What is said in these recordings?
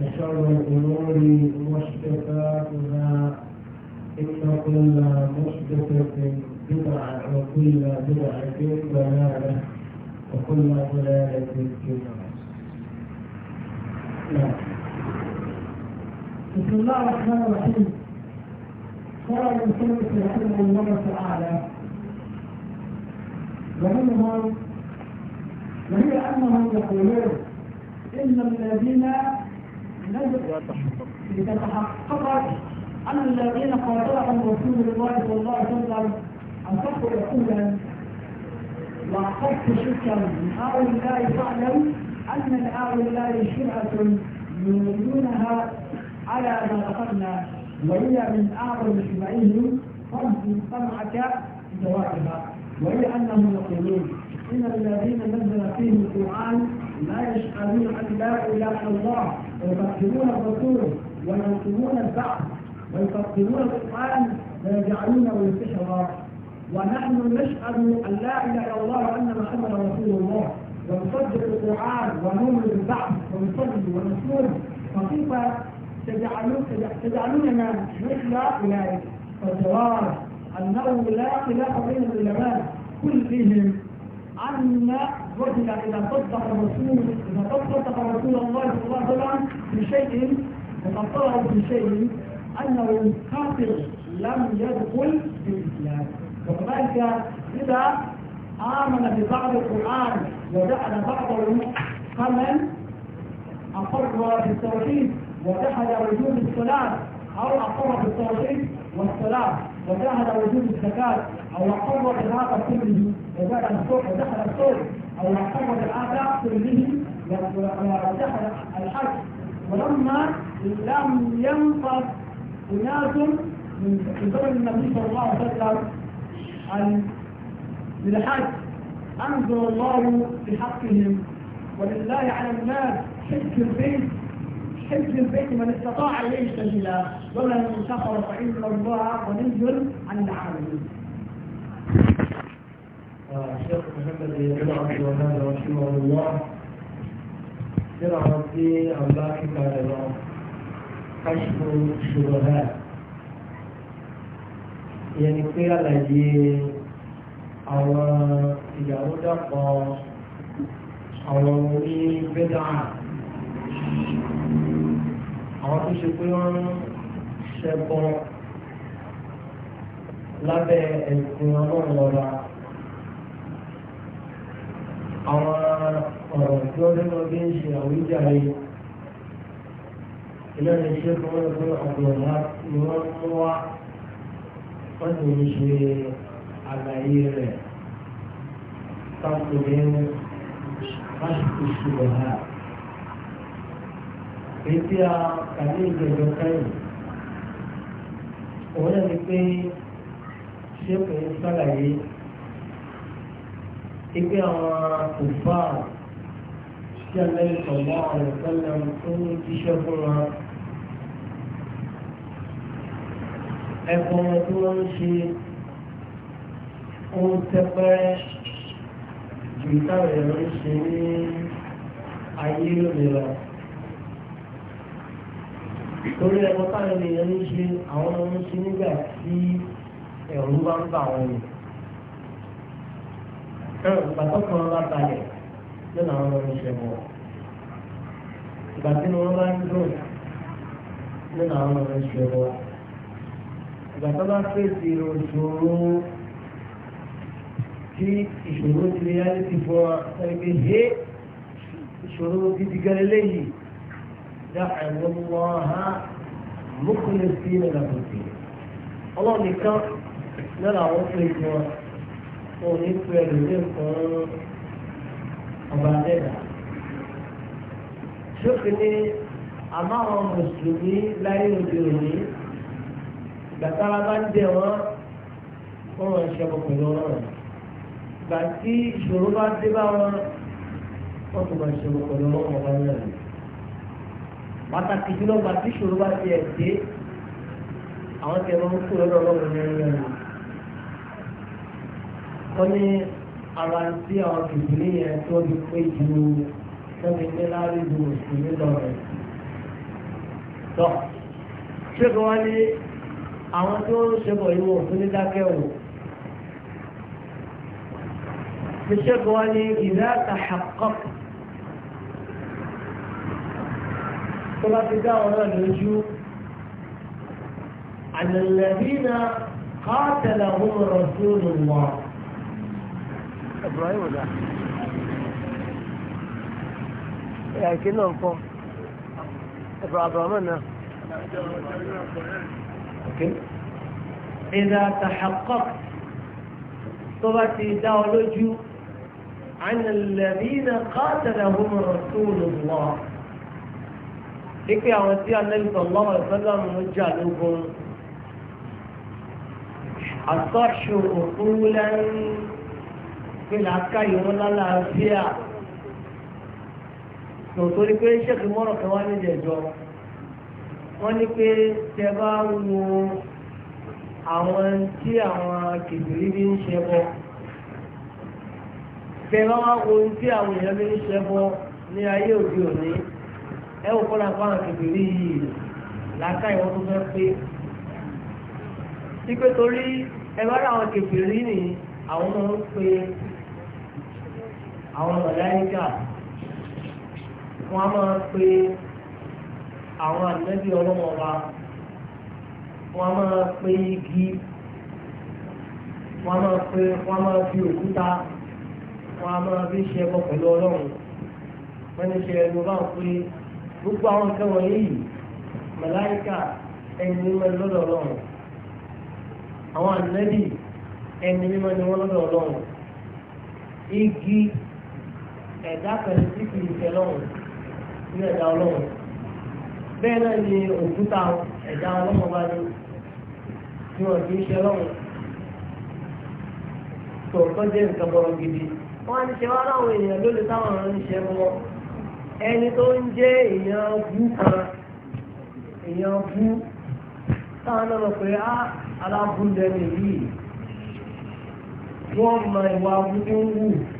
وشر الأمور محدثاتها إن كل محدثة بدعة وكل بدعة ضلالة وكل ضلالة في النار. نعم. بسم الله الرحمن الرحيم قال المسلم رحمه الله تعالى ومنهم وهي انهم يقولون ان الذين لتتحقق أن الذين قاتلهم رسول الله صلى الله عليه وسلم أنفقوا يقولا وأخذت شركا من هؤلاء فاعلم أن هؤلاء شرعة يريدونها على ما ذكرنا وهي من أعظم شبعهم فرض سمعك بجوابها وهي أنهم يقولون إن الذين نزل فيهم القرآن لا يشهدون أن لا إله إلا الله ويقدمون الرسول وينصرون البعث ويفكرون القرآن ويجعلونه سحرا ونحن نشهد أن لا إله إلا الله وأن محمدا رسول الله ونصدق القرآن ونؤمن بالبعث ونصلي ونصوم فكيف تجعلون تجعلوننا مثل أولئك فالجواب أنه لا خلاف بين العلماء كلهم أن وجد إذا صدق الرسول إذا صدق رسول الله صلى الله عليه وسلم بشيء وقطعه بشيء أنه كافر لم يدخل في الإسلام وكذلك إذا آمن ببعض القرآن وجعل بعضه قمن أقر بالتوحيد وجحد وجود الصلاة أو أقر بالتوحيد والصلاة وجحد وجود الزكاة أو أقر بهذا كله فدخل الصبح دخل الصبح او يعتبر الاعداء كله ودخل الحج ولما لم ينقض اناس من زمن النبي صلى الله عليه وسلم عن للحج انزل الله بحقهم ولله على الناس حج البيت حج البيت من استطاع اليه سبيلا ومن كفر فان الله غني عن العالمين الشيخ محمد بن عبد الوهاب رحمه الله ترى ربي الله بعد الله كشف الشبهات يعني في الذي àwọn ìyàwó dàpọ̀ àwọn orí bẹ́dà àwọn tó ṣe pé wọ́n ṣẹbọ lábẹ́ àwọn ọ̀rọ̀ tí wọ́n lọ́nà bí ń ṣe àwíjàre ìlànà iṣẹ́ kan wọ́n fún àgbọ̀nà ni wọ́n mú wá wọ́n sì ń ṣe àlàyé rẹ̀ sáfùlẹ̀ máṣíkù ṣùgbọ́n náà. Ètí a kàní ìgbẹ̀jọ kẹ́yìn. Òun náà ni pé ṣé kò ń sàlàyé ipe àwọn òfà tí a lẹ́yìn sọ̀mọ́ àwọn tó ń jíṣẹ́ fún wa. ẹ̀kọ́ tí wọ́n ń ṣe ó tẹ́pẹ́ ju táwọn ẹ̀rọ ń ṣe ní ayé lónìí torí ẹ̀kọ́ táwọn ènìyàn ń ṣe àwọn ọmọ ń ṣe nígbà tí ẹ̀rù bá ń bà wọ́n nù ìgbà tó kàn án bá balẹ̀ lọ́nà àwọn ọmọ ìṣẹ̀mọ̀ ìgbà tí wọ́n bá ń dùn lọ́nà àwọn ọmọ ìṣẹ̀mọ̀ ìgbà tó bá fèsì ìṣòro tí ìṣòro ti lè yáyé ti fọ ẹgbẹ́ yé ìṣòro gidi gẹ́lẹ́ léyìí dá ẹ̀wọ̀n wọn ha mọ́kànlélẹ́sì lọ́nà àbòtì ọlọ́ọ̀nìkan lọ́nà àwọn fèsì wọn wọn ò ní pe ẹlòmíì fún ọba dẹ́dà. ṣókè ni àmọ́ àwọn mùsùlùmí láyé òde òní gbàtàrà bá ń dẹ̀ wọ́n wọ́n wọ́n ṣe ọkọ̀ pẹ̀lú ọlọ́run gbà tí ìṣòro bá dé bá wọn wọ́n tún máa ṣe ọkọ̀ pẹ̀lú ọlọ́run ọba náà pàtàkì jùlọ gbà tí ìṣòro bá ti ẹ̀ dé àwọn tẹ̀wọ́n kúrò lọ́wọ́ ọlọ́run náà wọ́n ní ara tí àwọn kìkìrì yẹn tó ti pé ju lẹ́nu ilé láàrin ju òṣèlú lọ rẹ̀. tọ́ ṣé kí wọ́n ní àwọn tí wọ́n ń ṣe bọ̀ yìí wọ̀ fún ní dákẹ́ wò. ṣé kí wọ́n ní ìdá àtàkọ́ tó bá ti dá ọ̀rọ̀ lójú. الذين قاتلهم رسول الله ابراهيم ولا يعني كلهم قوم ابراهيم الرحمن نعم. إذا تحققت طبعتي داولوجيو عن الذين قاتلهم رسول الله لكي أعطي النبي صلى الله عليه وسلم لكم أصح أصولا pé làákà yìí wọn lálàáfíà tòótórí pé ṣèkì mọ́rọ̀ kan wá nídìí ẹ̀jọ́ wọ́n ní pé tẹ bá wo àwọn tí àwọn kìbìrì bí ń ṣe bọ́ tẹ bá wá wo tí àwọn èèyàn bí ń ṣe bọ́ ní ayé òde òní ẹ wò kọ́lá fún àwọn kìbìrì yìí làákà yìí tó fẹ́ pé sí torí ẹ bá ra àwọn kìbìrì nìyí àwọn máa ń pe àwọn mọ̀láyíkà wọ́n á máa pe àwọn ànábì ọlọ́wọ́ wa wọ́n á máa pe igi wọ́n á máa pe wọ́n á máa fi òkúta wọ́n á máa fi ṣe ẹbọ pẹ̀lú ọlọ́run wọ́n ní ṣe ẹnu bá ń pè gbogbo àwọn nǹkan wọ̀nyí yìí mọ̀láyíkà ẹni mímọ́ ni lọ́dọ̀ ọlọ́run àwọn ànábì ẹni mímọ́ ni wọ́n lọ́dọ̀ ọlọ́run igi. ẹ̀dá pẹ̀lú tí kì í ṣe lọ́rùn ní ẹ̀dá ọlọ́run bẹ́ẹ̀ náà ni òkúta ẹ̀dá ọlọ́run bá ní tí wọ́n ṣe tó jẹ́ nǹkan bọ̀rọ̀ gidi wọ́n ṣe wá láwọn èèyàn táwọn ọ̀rọ̀ ń ṣe ẹni tó ń jẹ́ èèyàn bú kan èèyàn bú táwọn náà lọ pé á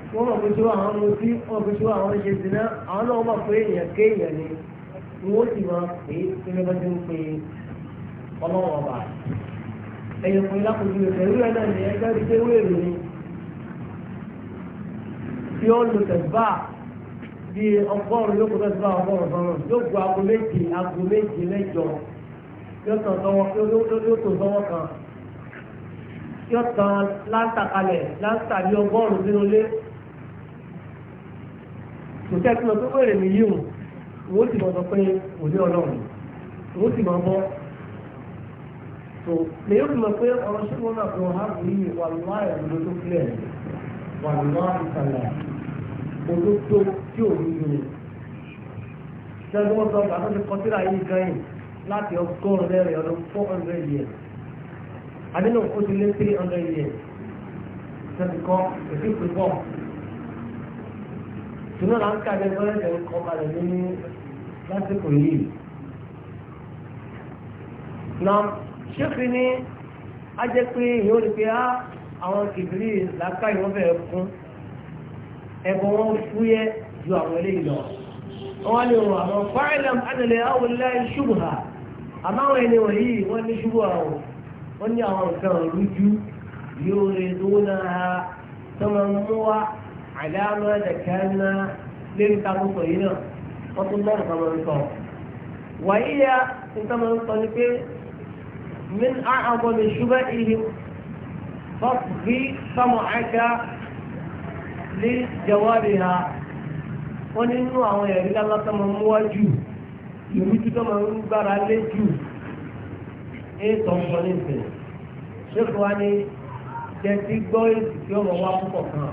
wọ́n mọ̀ pé tí wọ́n àwọn mutí wọ́n mọ̀ pé tí wọ́n àwọn ṣe dìná àwọn náà mọ̀ pé èèyàn kéèyàn ni ni wọ́n sì máa pè é kílẹ̀ bá ti ń pe ọlọ́wọ́ ọba ẹ̀yìn pé lákòókò ìfẹ́ ìwé náà ni ẹgbẹ́ rí pé wéèrè ni tí ó lo tẹ̀síbà bí ọgọ́rùn-ún yóò kó tẹ̀síbà ọgọ́rùn-ún sọ́run yóò gbọ́ aago méje aago méje mẹ́jọ yóò tàn sọ́wọ́ kan ọgọ́rùn-ún sínú ilé kò ọdún wẹ̀rẹ̀ mi yíò wọ́n sì máa pé òní ọlọ́run wọ́n sì máa bọ́ tó lè yóò mọ̀ pé ọ̀rọ̀ sí wọn àbúrò hábù yìí wà láì ọ̀dọ́ tó kílẹ̀ wà láì ìsàlẹ̀ odó tó tí ò ní yìí lẹ́gbọ́n sọ bàtà ti kọ́ síra yìí gan láti ọgọ́rùn lẹ́rìn ọdún four hundred years adínà ó ti lé three hundred years sẹ́ni kọ́ èsì tunu la ń ka ẹgbẹ́ ẹ̀jẹ̀ ń kọ́ balẹ̀ ní lásìkò yìí. na ṣéfì ní ajẹ́ pé ìyẹn ò ní pé ah, àwọn kìbìrì làákà ìwọ́n bẹ̀rẹ̀ fún ẹ̀bọ̀ wọn fúyẹ́ ju àwọn eléyìí lọ. wọ́n lè rọ àwọn fáìlẹ̀m adìlẹ̀ awolá ṣubù ha àmọ́ àwọn ẹni wọ̀nyí wọ́n ní ṣubù àwọn wọ́n ní àwọn nǹkan rújú yóò rè dúró náà tó máa ń mú wa àdáàmà dẹ̀kẹ́nà lérí táwọn sọ yìí náà wọ́n tún lọ́rùn kan máa ń sọ. wàyí ya nǹkan máa ń sọ ni pé min àhàbọ̀ ní ṣúgbẹ́ ìhì fọ́fí sọmọ àga lé jawábi ha wọ́n nínú àwọn ẹ̀rí lálátà máa ń mú wájú ìrújú tó máa ń gbára lé jù èyí tó ń sọ ní ìsìn ṣé kò wá ní jẹ́ sí gbọ́ èsì tí ó mọ̀ wá púpọ̀ kan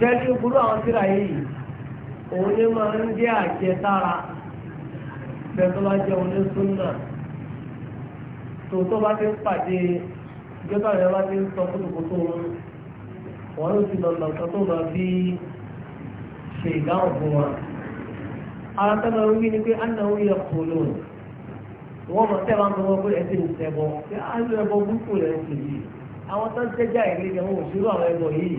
tẹ́lẹ̀ burú àwọn tíra yìí òun ní máa ń jẹ́ àjẹsára bẹ́ẹ̀ bá jẹ́ òun ní súnà tòótọ́ bá ti ń pàdé ìjọba rẹ̀ bá ti ń sọ kótókótó wọn ló ti lọ lọ sọ tó lọ bí ṣe ìdáhùn fún wa. ara tẹ́lẹ̀ wí ni pé anáwó yẹ kó wọ́n mọ̀ tẹ́lẹ̀ wọn bọ́ pé ẹ̀sìn ìṣẹ́bọ̀ ṣé àlọ́ ẹ̀bọ̀ burúkú rẹ̀ ń ṣèlú àwọn tó ń tẹ́jà ìrìn àwọn òṣèlú àwọn ẹ̀bọ̀ yìí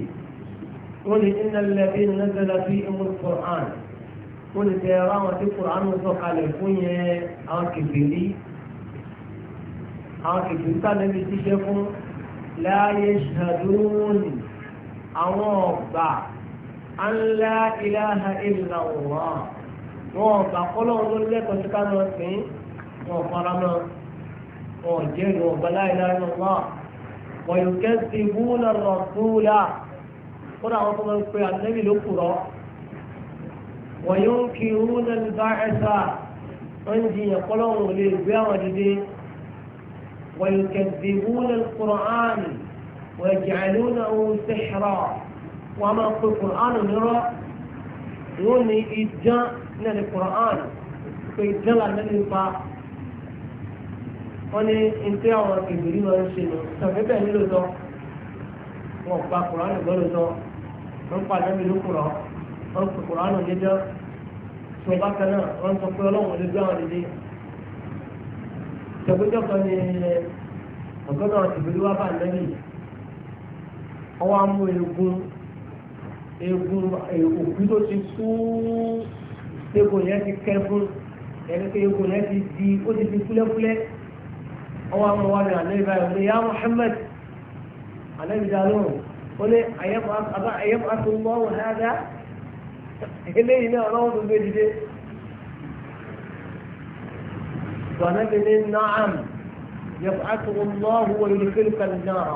wọ́n ní iná lẹ́bí nàzẹ́lá fi ìmú kùrán wọ́n ní tẹ̀ ẹ̀rọ àwọn tí kùrán ń sọ kalẹ̀ fún yẹn àwọn kìbìlì àwọn kìbìlì sálẹ́bí ṣiṣẹ́ fún láàyè ṣàdúrónì àwọn ọ̀gbà ńlá ìlàhà ìlàwọ̀ wọn ọ̀gbà kọ́lọ́wọ́ ló lẹ́tọ̀ọ́ sí ká lọ sí wọn fara náà wọn jẹ́rìí ọ̀gbà láìláìlọ́wọ́ wọ̀nyí kẹ́sì bú náà rọ̀ kódà àwọn tó máa ń pe àtẹ́bì ló kùrọ̀ wọ́n yóò kí irú lẹ́nu bá ẹ̀sà wọ́n ń jiyàn kọ́lọ́hún ò lè gbé àwọn dìde wọ́n yóò kẹ̀sì irú lẹ́nu kùrọ̀ wọ́n jẹ́ àìlú náà ó sẹ́ṣẹ̀rọ̀ wọ́n máa pe kùrọ̀ánù nírọ̀ yóò ní ìdán náà ní pé ìdán là lẹ́nu pa wọ́n ní ìpín àwọn ìgbèrí máa ń ṣe lọ tàbí bẹ́ẹ̀ nílò tán wọn ò pa gbọ́dọ̀ tán wọ́n pa àlẹ́ mi ló kúrọ̀ wọ́n sọ kúrọ̀ àná jẹjọ́ sọ bákan náà wọ́n sọ pé ọlọ́run ló gbé àwọn nílé. ìṣègùjọ́ kan ní ọ̀gọ́dọ̀ ìbílú wa bá nẹ́bí ọwọ́ amú eegun eegun òkú tó ti kú eegun yẹn ti kẹ́ fún ẹni pé eegun yẹn ti di ó ti di fúlẹ́fúlẹ́ ọwọ́ amú wa ní àlẹ́ ìbáyọ̀ ní yá Muhammad àlẹ́ ìdálóhùn wọ́n ní àyẹ̀fọ́ àtúnmọ́ wọn dáadáa eléyìí náà ọlọ́wọ́ tó gbé dìde وأنا من نعم يبعثه الله ويدخلك النار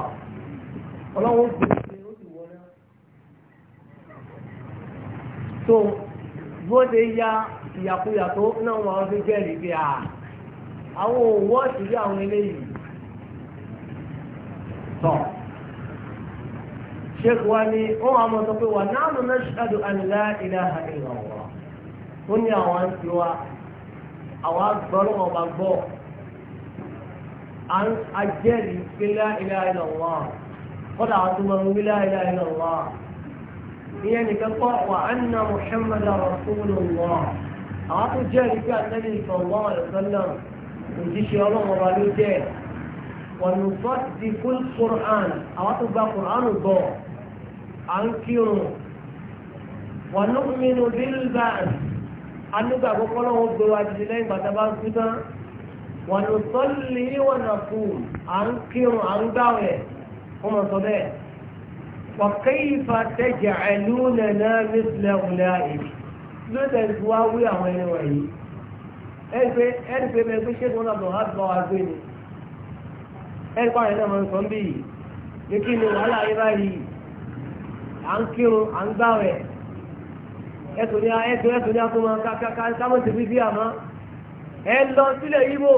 ولو so bóde ya ìyàkuyà tó náà wọn fi jẹ́rìí bí a àwọn òwò ọ̀sìn yà àwọn eléyìí tọ̀ sheikh wa ni ó wà mọ́ sọ pé wà náà mo náà ṣáàdù àlá ilaha illallah ó ní àwọn àti wa àwọn agbọ́rọ̀ ọba gbọ́ ajẹ́rìí pé lá ilaha illallah kọ́dà àwọn tó máa ń wí lá ilaha illallah ìyẹn nìkan kọ́ wà á nà muhammadu rasulullah àwọn tó jẹ́rìí pé àtẹ́lẹ̀ ìfọ̀wọ́ ẹ̀sọ́lọ̀ òjíṣẹ́ ọlọ́run ọba ló jẹ́ wọ̀nùfọ́ ti kúl kùrán àwọn tó gba kùrán gbọ́ à ń kírun wà ní mímu bílbà anúgbà àkọ́kọ́ náà wọ́n gbé wa dìde lẹ́yìn bàtà bá kú tán wà ní sọ́ọ̀lì wà nà kú à ń kírun à ń gbàwẹ̀ wọ́n mọ̀ sọ bẹ́ẹ̀ wà kéyìfà tẹ̀jà ẹ̀lú nàná mísìlẹ̀ wùlẹ̀ àyè lóde wí àwọn ẹni wọ̀nyí ẹgbẹ́ ẹgbẹ́ mẹ́gbẹ́ ṣẹ́gun náà bọ̀ wá bọ̀ wá gbé ni ẹgbẹ́ àwọn yìí kí ni wàhálà ayé báyìí à ń kírun à ń gbàwẹ̀ ẹ̀sùn ní ẹ̀sùn ẹ̀sùn ní akọ́mọ kámọ́sí bíbí àmọ́ ẹ lọ sílẹ̀ yíbò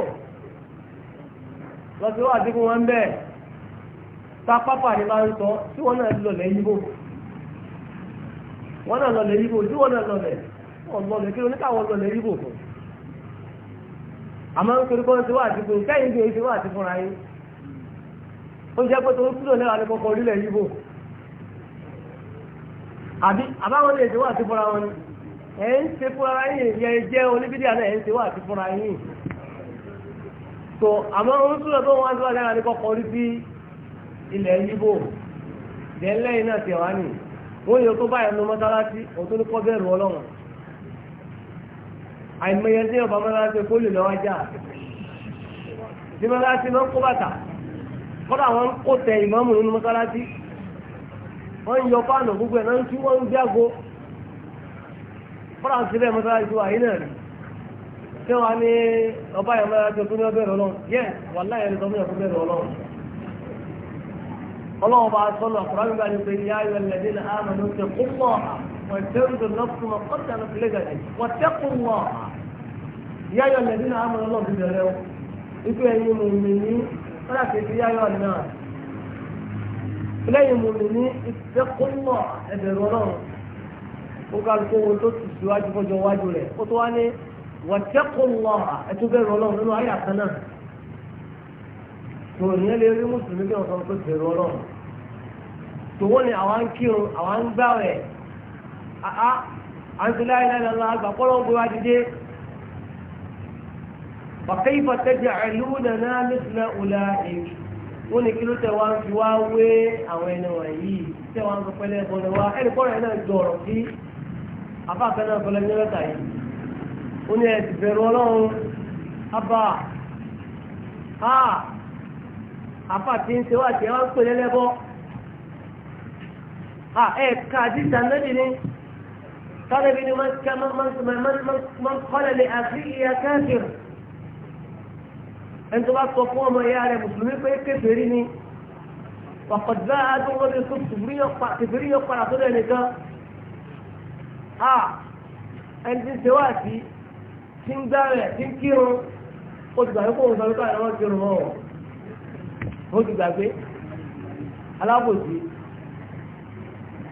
lọ sí wàá dínkù wọn bẹ́ẹ̀ ta pápá ni bá ń sọ tí wọ́n náà lọ lẹ́ yíbò wọ́n náà lọ lẹ́ yíbò tí wọ́n náà lọ lẹ́ wọ́n lọ lẹ́ kírun níta wọ́n lọ lẹ́ yíbò fún àmọ́ nítorí kọ́ ti wá kẹ́yìn ti wá àdìgbò ra àbí àbáwọn lè ṣe wà sí fúnra wọn ni ẹ̀ ń ṣe fúnra yìí yẹ jẹ́ oníbídíà náà ẹ̀ ń ṣe wà sí fúnra yìí tó àmọ́ ohun tó lọ tó wọn wá lára ní kọ́kọ́ rí sí ilẹ̀ yíbò dẹ́lẹ́ iná tẹ̀ wá nì wọ́n yóò tó báyìí ẹnu mọ́sálásí òun tó ní kọ́ bẹ́ẹ̀rù ọlọ́run àìmọye ní ọba mọ́sálásí kó lè lọ́wọ́ já sí mọ́sálásí máa kó bàtà kọ́dà wọn kó tẹ ìmọ̀ọ́mù wọ́n ń yọ fáànù gbogbo ẹ̀ náà ń kí wọ́n ń gbẹ́go fọ́nrán bẹ́ẹ̀ mọ́sálásí wa yìí náà rí tí wọ́n á ní ọba yẹn máa jọ tó ní ọbẹ̀ rẹ̀ ọlọ́run yẹ wàhálà yẹn lọ́mọ yẹn fún bẹ́ẹ̀ rẹ̀ ọlọ́run ọlọ́run bá sọ́nà ọ̀pọ̀lọpọ̀ nígbà ní pé yá ayọ̀ lẹ́dí ní àmà ló ti kú mọ́ wọ́n ti ń dùn náà fún ọkọ̀ tí a wọ́n ti kú mọ́ yá ayọ̀ lẹ́dí ní àmà lọ́lọ́ lẹ́yìn mo lè ní ìtẹ́kùnmọ̀ ẹ̀bẹ̀rù ọlọ́run ó ká lóko ohun tó ti síwájú fọjọ́ iwájú rẹ̀ ó tó wá ní wọ̀tẹ́kùnmọ̀ ẹ̀tún bẹ̀rù ọlọ́run nínú ayé àkan náà tòun yẹn lè rí mùsùlùmí kí wọn sọ pé bẹ̀rù ọlọ́run tòun ni àwọn ń kírun àwọn ń gbà rẹ̀ àá àǹtíláìláìláìlá àgbà kọ́lọ́ gbé wá dìde bàkẹ́yìí bàtẹ́jà ẹ̀lú nàná mẹ́sìlẹ̀ ọ̀la wọ́n ní kí ló tẹ̀ wá ń fi wá wé àwọn ẹni wọ̀nyí tẹ̀ wá ń sọ pẹ́lẹ́ bọ́lẹ̀ wá ẹni kọ́ ẹ̀ náà jọ ọ̀rọ̀ sí afáfẹ́ náà bọ́lẹ̀ ní ọ̀tà yìí wọ́n ní ẹ̀sìn bẹ̀rù ọlọ́run abá a afá ń ṣe wá tiẹ̀ wá ń pè lẹ́lẹ́bọ́ a ẹ̀ àdìsá nẹ́bí ni tálẹ́bí ni man kọ́lẹ̀ lè àfi ìyá ẹni tó bá sọ fún ọmọ ìyá rẹ̀ mùsùlùmí pé kéferì ni pàpàdà àdúgbòdì tó kéferì yọ padà tó dẹ̀ nìkan a ẹni tí ń ṣe wáàtí tí ń dá rẹ̀ tí ń kírun ó ti gbàgbé kóhùn sọ wípé àwọn kírun mọ́ ó ti gbàgbé alábòsí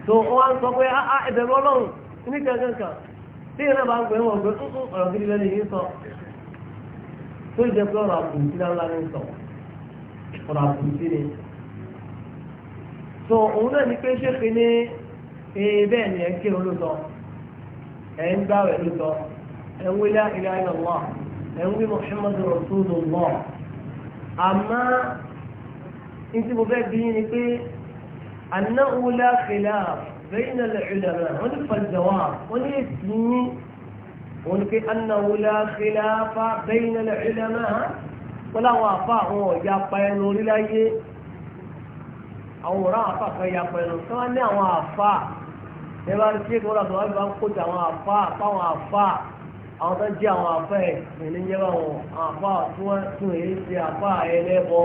tó wọ́n á sọ pé ẹ̀bẹ̀ mọ́ lọ́rùn ní kankan kan tí ìrìnà bá ń gbé wọn tó jẹ́ pé ọ̀rọ̀ àbùntí ńlá ní sọ ọ̀rọ̀ àbùntí ni. tó òun náà ní pé ṣé pé ní bẹ́ẹ̀ ni ẹ ń kírun ló sọ ẹ ń gbáwẹ̀ ló sọ ẹ ń wílá ilé ayé lọ́wọ́ ẹ ń wí Muhammadu Rasulullah àmọ́ ní tí mo fẹ́ bí ni pé annahu la khilaf bayna al-ulama wọ́n ní fal wọ́n ní èsì yín òun ni pé annahu la khilafa bayna al-ulama wọn láwọn àfa àwọn ọ̀yà pa ẹnu oríláyé àwọn òrán àfa kan ya pa ẹnu tí wọ́n ní àwọn àfa ẹ bá rí sí èkó wọn àtọwọ́ àbí wọn kó ti àwọn àfa àpáwọn àfa àwọn tó jẹ́ àwọn àfa ẹ̀ ẹ̀ní jẹ́ báwọn àfa tí tún èyí ṣe àfa ẹlẹ́bọ.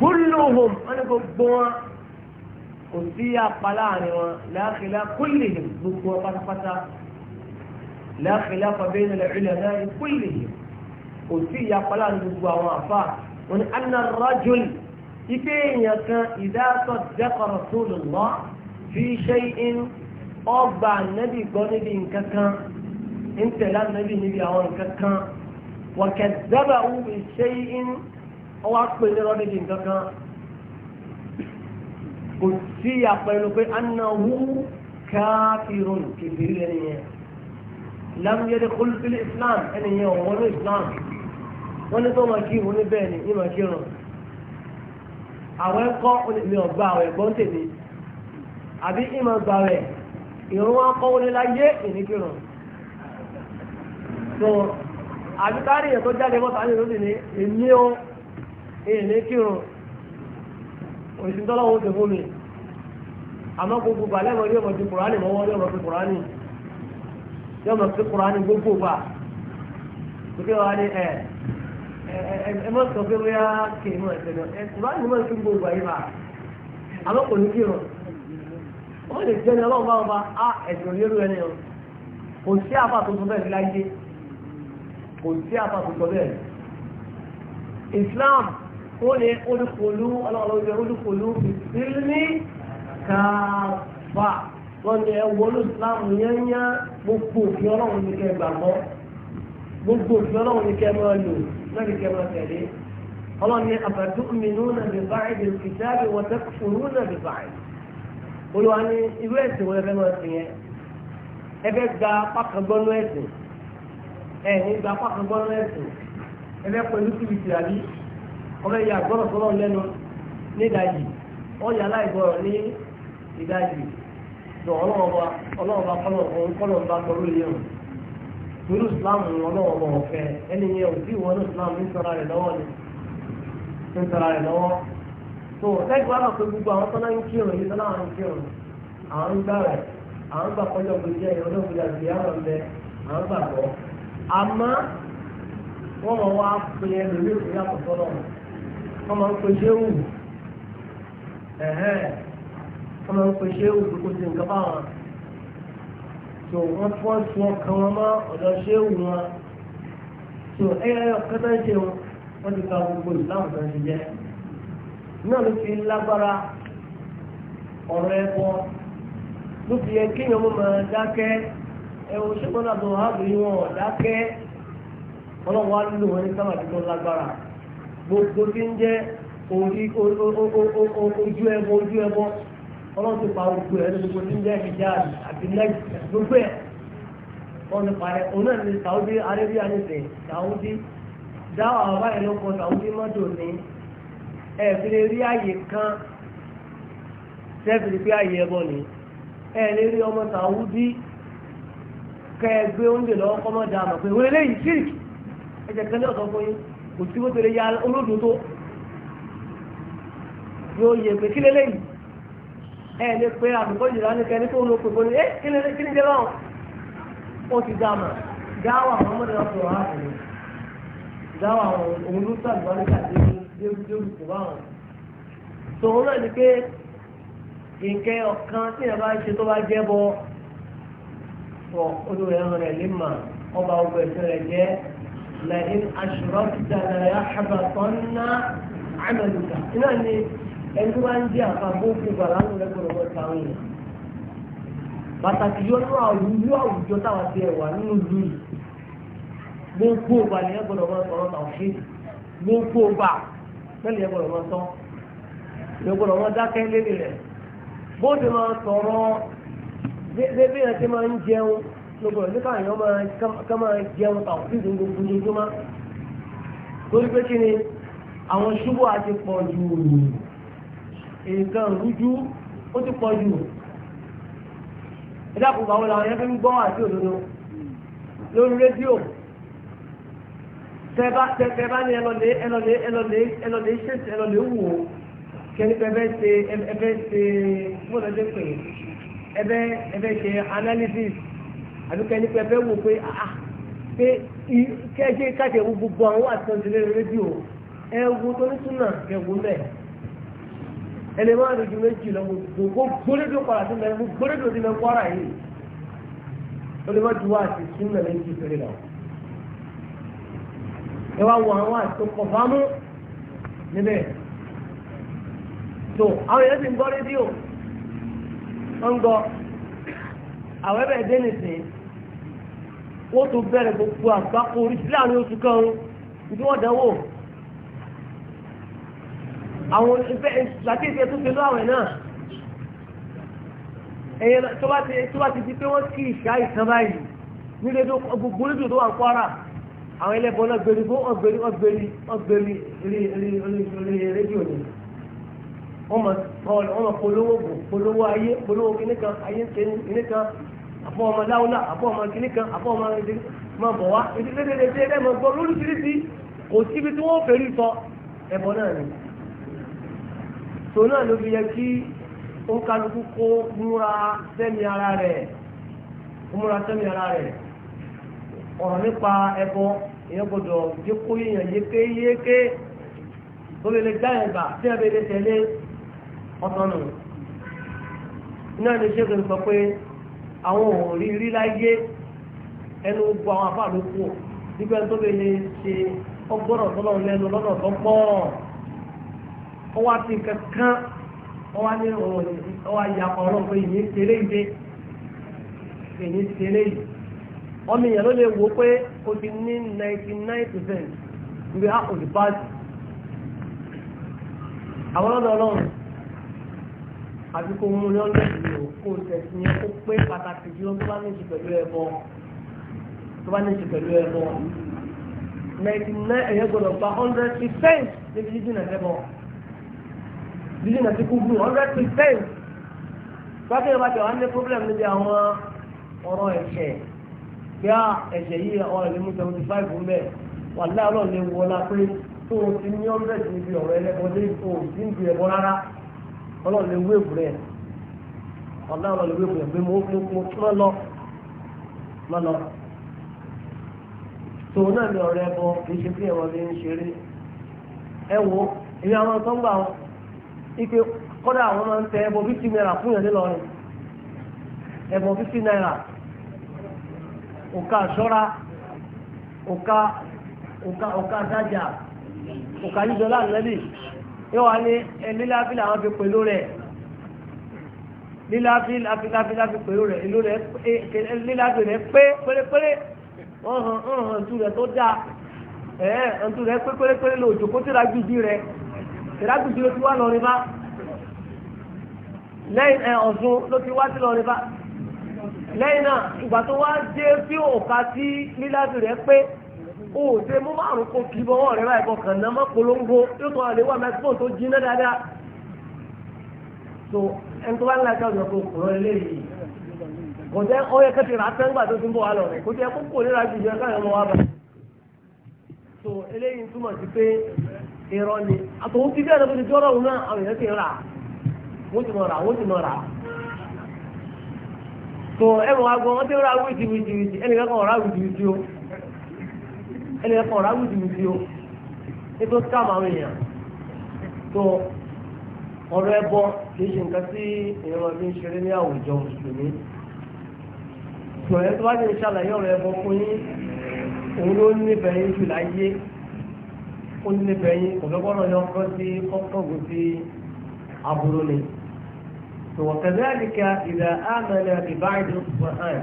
kulluhum wọn ni gbogbo wọn kò sí apá láàrin wọn láàkìlá kúlì gbogbo pátápátá láàkìlá fàbẹ́yìn lẹ́ẹ̀lẹ́ láàrin kúlì kò sí ìyapa láàrin gbogbo àwọn àfa wọn ni anna rajul ipe èèyàn kan ìdásọ dẹkọrọ tó lò wọ́n fi ṣe in ọgbà nẹ́bí gbọ́ níbi nǹkan kan ń tẹ̀lé nẹ́bí níbi àwọn nǹkan kan wọ́n kẹ̀ dábàá wù mí ṣe in ọwọ́ pè ní níbi nǹkan kan kò sí àpẹẹrẹ pé anáwó káfíròn kìfìrí ẹni yẹn lámúyẹ́dẹ́ kólúfìlì islam ẹni yẹn ọ̀wọ́n ní islam wọ́n ní tó máa kí ìhun níbẹ̀ ni ìmọ̀ kí ràn àwọn ẹ̀kọ́ mi ọ̀gbà àwọn ẹ̀gbọ́n tèmi àbí ìmọ̀ gbà rẹ̀ ìrún wọn kọ́ wọlé láyé ìníkìràn tó àbí káàrí ẹ̀ tó jáde mọ́ta ní ìlú ní èmi ó ìníkìràn òṣìṣẹ́ tọ́lọ́wọ́ fún mi àmọ́ gbogbo gbà lẹ́mọ̀ yóò mọ̀ sí kùránì mọ́wọ́ yóò mọ̀ sí kùránì yóò mọ̀ sí kùránì gbogbo gbà gbogbo wa ni ẹ ẹ mọ̀ sọ pé wíyá mọ̀ náà ẹ kùránì mọ̀ sí gbogbo yìí àmọ́ kò ní kírun lè jẹ́ ọlọ́run bá ẹ̀sìn ẹni o kò sí tuntun bẹ́ẹ̀ láyé kò sí tuntun bẹ́ẹ̀ wọ́n ní olùkòlù ọlọ́ọ̀lọ́wọ́ olùkòlù fìsílmì kàfà wọ́n ní ẹwọ́ olùsìlámù yẹ́nyá gbogbo òfin ọlọ́run ní kẹ́ gbàgbọ́ gbogbo òfin ọlọ́run ní kẹ́ máa lò lẹ́yìn kẹ́ máa tẹ̀lé ọlọ́run ní afatu'minuna bi ba'dil kitabi wa takfuruna bi ba'd olùwà ní irú ẹ̀sìn wọn ẹ̀fẹ́ máa sìn yẹn ẹ̀fẹ́ gba pákàgbọ́nú ẹ̀sìn ẹ̀ ní gba pákàgbọ́nú ẹ̀sìn ẹ̀fẹ́ pẹ̀lú kìbìtì àbí ọmọ ẹ̀yà gbọ́dọ̀ sọ́lọ́ lẹ́nu ní ìdajì ọ̀yà aláìgbọ́rọ̀ ní ìdajì lọ ọlọ́ọ̀bá ọlọ́ọ̀bá kọ́lọ̀ọ̀bá pẹ̀lú ìyẹn torí islam ọlọ́ọ̀bá ọ̀fẹ́ ẹni yẹn ò bí wọn islam ń sara rẹ̀ lọ́wọ́ tó ẹgbẹ́ àwọn pé gbogbo àwọn tọ́lá ń kírun yìí tọ́lá ń kírun àwọn ń gbà àwọn gbà kọjọ gbèjẹ àwọn gbà wọ́n mọ̀ wá pé ẹlòmíràn yàtọ̀ wọ́n ń pe ṣéwù wọ́n ń pe ṣéwù kókó sí nǹkan báwọn tó wọ́n fọ́ sí ọkàn wọn mọ́ ọ̀dọ̀ ṣéwù wọn tó ẹ̀yọ́ kẹta ń ṣe wọn wọ́n ti ka gbogbo ìsìláàmù náà ti jẹ́ náà ló fi lágbára ọ̀rọ̀ ẹ̀kọ́ ló fi yẹ kéèyàn mọ́ máa dákẹ́ ẹ̀wọ̀n ṣẹ́gun náà tó hábìrì wọn dákẹ́ ọlọ́wọ́ á lò wọn ní sábàdí tó lágbára. gbogbo tí ń jẹ́ ojú ẹbọ ojú ẹbọ ọlọ́run ti pa gbogbo ẹ̀ gbogbo tí ń jẹ́ hijab àti leg gbogbo ẹ̀ wọ́n ti parẹ́ òun náà ní Saudi da nìsín Saudi dáwọ̀ àwọn báyìí ló kọ mọ́tò ní kan pé àyè ẹbọ ni rí ọmọ oúnjẹ lọ́wọ́ kọ́mọ́dà àmọ̀ pé wọ́n kò sí wọ́n tẹ̀lé ya olódò tó yóò yẹ pé kí lélẹ́yìn ẹ lè pe àbùkọ́ ìjìlá ní kẹ́ni tó ń lo pèpè ní ẹ kí ni kí ni jẹ́ báwọn ó ti dá mà dáwà àwọn ọmọdé wọn sọ̀rọ̀ ààrẹ dáwà àwọn òun ló sàgbà nígbà tí ó ti kò báwọn. tòun náà ni pé nǹkan ọ̀kan tí ìyàbá ń ṣe tó bá jẹ́ bọ́ ọ olùrẹ̀ ń lè mà ọba ogun ẹ̀sìn rẹ̀ jẹ́ lẹ́yìn aṣọ́rọ́kìtà lẹ́yà àbàtọ́nà àmàlùkà. iná ni ẹni tó bá ń jẹ́ àpapọ̀ òkú bàlánù lẹ́gbọ̀rọ̀ wọn táwọn yẹn. pàtàkì yóò ní àwùjọ àwùjọ táwọn ti ẹ̀wà nínú ìlú yìí. gbogbo ọba ni ẹgbọ̀rọ̀ wọn sọ̀rọ̀ tàwọn ṣe gbogbo ọba mẹ́lẹ̀ ẹgbọ̀rọ̀ wọn sọ ẹgbọ̀rọ̀ wọn dákẹ́ lé bóde máa sọ̀rọ̀ bí ẹ ti máa ń jẹun lọ́gbọ̀n nípa àyàn ká máa jẹun tàwọn sí ìdúró ojoojúmọ́ torí pé kí ni àwọn ṣubú àti pọ̀ ju nǹkan rújú ó ti pọ̀ jù ìdáàbò báwo làwọn yẹn fi ń gbọ́ àti òdodo lórí rédíò tẹ́bá tẹ́bá ní ẹlọ́lẹ́ ẹlọ́lẹ́ ẹlọ́lẹ́ ẹlọ́lẹ́ ṣèṣe ẹlọ́lẹ́ wò ó kẹ́ni pẹ́bẹ́ ṣe ẹbẹ́ ṣe mọ́lẹ́dẹ́ pè ẹbẹ́ ẹbẹ́ ṣe analysis àbí kẹ́ni pé fẹ́ wò pé ah pé kẹ́ṣe káṣẹ wo gbogbo àwọn àtọ́sílẹ̀ rédíò ẹ wo tó ní túnà kẹ wo mẹ́ ẹni máa dojú méjì lọ gbogbo gbólédò padà sí mẹ́rin gbólédò sí mẹ́rin kwara yìí ó lè má ju wá àti túnà méjì péré lọ. ẹ wá wo àwọn àtọkọ̀ fámú níbẹ̀ tó àwọn èèyàn ti ń gbọ́ rédíò wọ́n ń gbọ́ àwọn ẹ̀bẹ̀ dé nìsín wọ́n tó bẹ̀rẹ̀ gbogbo àgbákò oríṣiríṣi àárín oṣù kan ibi wọ́n dánwò àwọn ìfẹ́ ìṣàkíyèsí tó ṣe lọ́wọ́ náà ẹ̀yẹ tó bá ti di pé wọ́n kí ìṣá ìtàn báyìí nílé gbogbo onídùú tó wà ń kwara àwọn ẹlẹ́bọn náà gbèrú bó wọ́n gbèrú wọ́n gbèrú wọ́n gbèrú rí rédíò ni wọ́n mọ̀ polówó bò polówó ayé polówó kíníkan ayé ń tẹ́ níkan àfọ ọmọ dáwọlá àfọ ọmọ kìnìkan àfọ ọmọ ẹdí máa bọ̀ wá ẹdí lẹ́dẹ̀ẹ́dẹ́ tí si máa gbọ́ lóríṣiríṣi kò síbi tí wọ́n fẹ́rí sọ ẹ̀bọ náà ni. tò náà ló fi yẹ kí ó kálukú kó múra sẹ́mi ara rẹ̀ kó múra sẹ́mi ara rẹ̀ ọ̀rọ̀ nípa ẹ̀bọ ìyẹn kó lè tí ẹ̀bẹ̀ lè tẹ̀lé ọ̀tọ̀ nù. náà ni ṣé àwọn ò rí rí láyé ẹnu gbogbo àwọn afá ló kú nígbà tó lè lè ṣe ọgbọ́dọ̀ tọ́lọ́ lẹ́nu lọ́nà tó pọ̀ wá sí kankan wọ́n wá ní ọ̀rọ̀ ya ọ̀rọ̀ pé ìyẹn tẹ̀lé ìdè ìyẹn tẹ̀lé yìí ọmọ èèyàn ló lè wò pé o ti ní ninety nine percent ìgbé àpò ah, ìbáàdì àwọn ọlọ́run. àbí kó mú lọ́ndẹ̀ yìí o kó tẹ̀sí yẹn kó pé pàtàkì jùlọ tó bá ní ṣe pẹ̀lú ẹbọ tó bá ní ṣe pẹ̀lú ẹbọ ninety nine ẹ̀yẹ́ gbọ́dọ̀ gba hundred percent níbi jíjìn náà ẹbọ jíjìn náà ti kú gùn hundred percent pàtàkì yẹn bá tẹ̀ wọ́n ní problem níbi àwọn ọ̀rọ̀ ẹ̀ṣẹ̀ bí a ẹ̀ṣẹ̀ yìí àwọn ẹ̀lẹ́mú seventy five ń bẹ̀ wà láàárọ̀ lè wọlá pé tó o ti ní hundred níbi ọ̀rọ̀ ẹlẹ́bọ ọlọ́run lè wé ìbúrẹ́ rẹ̀ ọlọ́run lè wé ìbúrẹ́ pé mo mo mo lọ lọ lọ. tòun náà ni ọ̀rẹ́ bọ kì í ṣe bí ẹ̀wọ̀n mi ń ṣeré ẹ wo èyí àwọn tó ń gbà wọn ike kọ́dà àwọn máa ń tẹ ẹbọ fífi náírà fún yẹn nílọrin ẹbọ fífi náírà òkà ṣọ́ra òkà òkà òkà dájà òkà yíjọ láàrin yóò wá ní líláfí làwọn fi pẹ̀lú rẹ̀ líláfí láfí láfí láfí pẹ̀lú rẹ̀ ìlú rẹ̀ líláfí rẹ̀ pé pérépéré wọ́n hàn ń hàn ntú rẹ̀ tó dáa ẹ̀ẹ́ ntú rẹ̀ pé pérépéré lò jòkó tíra gbìdì rẹ̀ tíra gbìdì ló ti wá lọ rí bá lẹ́yìn ẹ̀ ọ̀sùn ló ti wá sí lọ rí bá lẹ́yìn náà ìgbà tó wá dé sí òkà sí líláfí rẹ̀ pé. o ò ṣe mú márùn kó kì bọ́ ọ̀rẹ́ báyìí kọ́ kàn náà má yóò tó àlè wà tó dáadáa so ẹni tó bá ń lajà ọ̀dọ̀ kò kúrọ̀ eléyìí kò jẹ́ ọyẹ kẹ́tì rà tó ti ń bọ̀ wá lọ kò jẹ́ bá eléyìí túmọ̀ sí pé ni ti bí ti jọ́rọ̀ òun náà àwọn ẹni ẹ̀kọ́ ọ̀rá wùdí mi fi o ètò scam àwọn èèyàn tó ọ̀rọ̀ ẹbọ kì í ṣe nǹkan tí èèyàn ọdún ń ṣeré ní àwùjọ mùsùlùmí tó ẹ tó bá ti ń ṣàlàyé ọ̀rọ̀ ẹbọ fún yín òun ló nífẹ̀ẹ́ yín jù láyé ó nífẹ̀ẹ́ yín kò yọ ọkọ sí ọkọ̀gùn sí aburú ni. وكذلك إذا آمن ببعض القرآن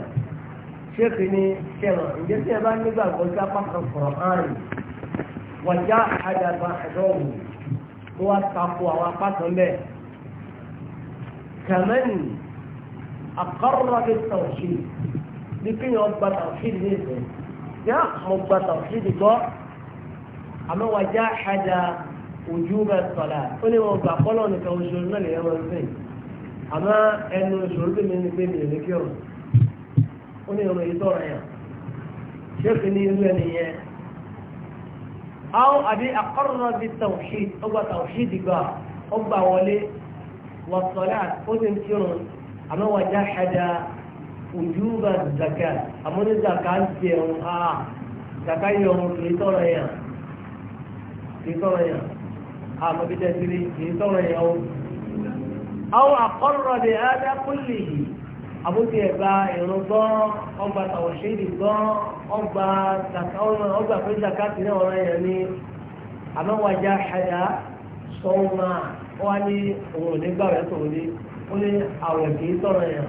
ṣéèkì ni ṣẹ̀wọ̀n ǹjẹ́ tí ẹ bá nígbàgbọ́ sí apá kan sọ̀rọ̀ àárín wọ̀já àdàgbà àdọ́wò tó wá tako àwọn apá kan bẹ́ẹ̀. kàmẹ́nì àkọ́rọ́bí tàwùsí bí kéèyàn gba tàwùsí ní ìfẹ́ yá mo gba tàwùsí ní gbọ́ àmọ́ wọ̀já àdà ojú bẹ sọ̀dà ó ó ní ìròyìn tọrọ yẹn ṣéèkì ní irú ẹni yẹn àwọn àbí àkọ́rọ̀ bí tawhid ọgbà tawhid gbà ọgbà wọlé wàsọ̀lá ó ti ń kírun àmọ́ wà já ṣẹda ojúbà zaka àmọ́ ní zaka ń jẹun a zaka yọrun kìí tọrọ yẹn kìí tọrọ yẹn àmọ́ bí tẹ́sírí kìí tọrọ yẹn o àwọn àkọ́rọ̀ adá kúlì yìí. àbótí ẹ̀gbà ìrún gan ọgbà tàwọ̀ṣẹ́dì gan ọgbà ọgbà péjàká ti náà ọ̀rọ̀ yẹn ni àmọ́wájà ṣàyà sọ́ọ́mà wọ́n ní òun ò rẹ̀ tòun ní ó ní àwẹ̀ kì í yẹn.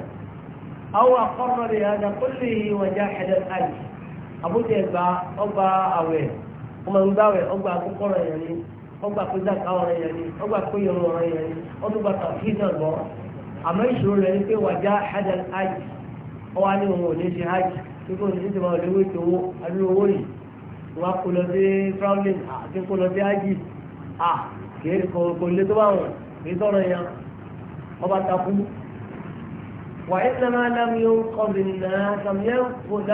àwọn akọ́rọ̀ rẹ̀ yàrá kó lè wájà ṣàyà àyè àbótí ẹ̀gbà ọgbà àwẹ̀ ọmọ ọgbà akókọ̀rọ̀ yẹn ni ọgbà péjàká àmọ́ ìṣòro rẹ̀ ní pé wàjá hadal hajj ọ wá ní òun ò ní ṣe hajj tí kò ní ti máa lè wé tó adúlọ owó yìí wọn kò lọ sí traveling àti kò lọ sí hajj à kìí kò lè tó bá wọn kìí sọ̀rọ̀ yẹn ọba takú. وإنما لم ينقض الناس لم ينقض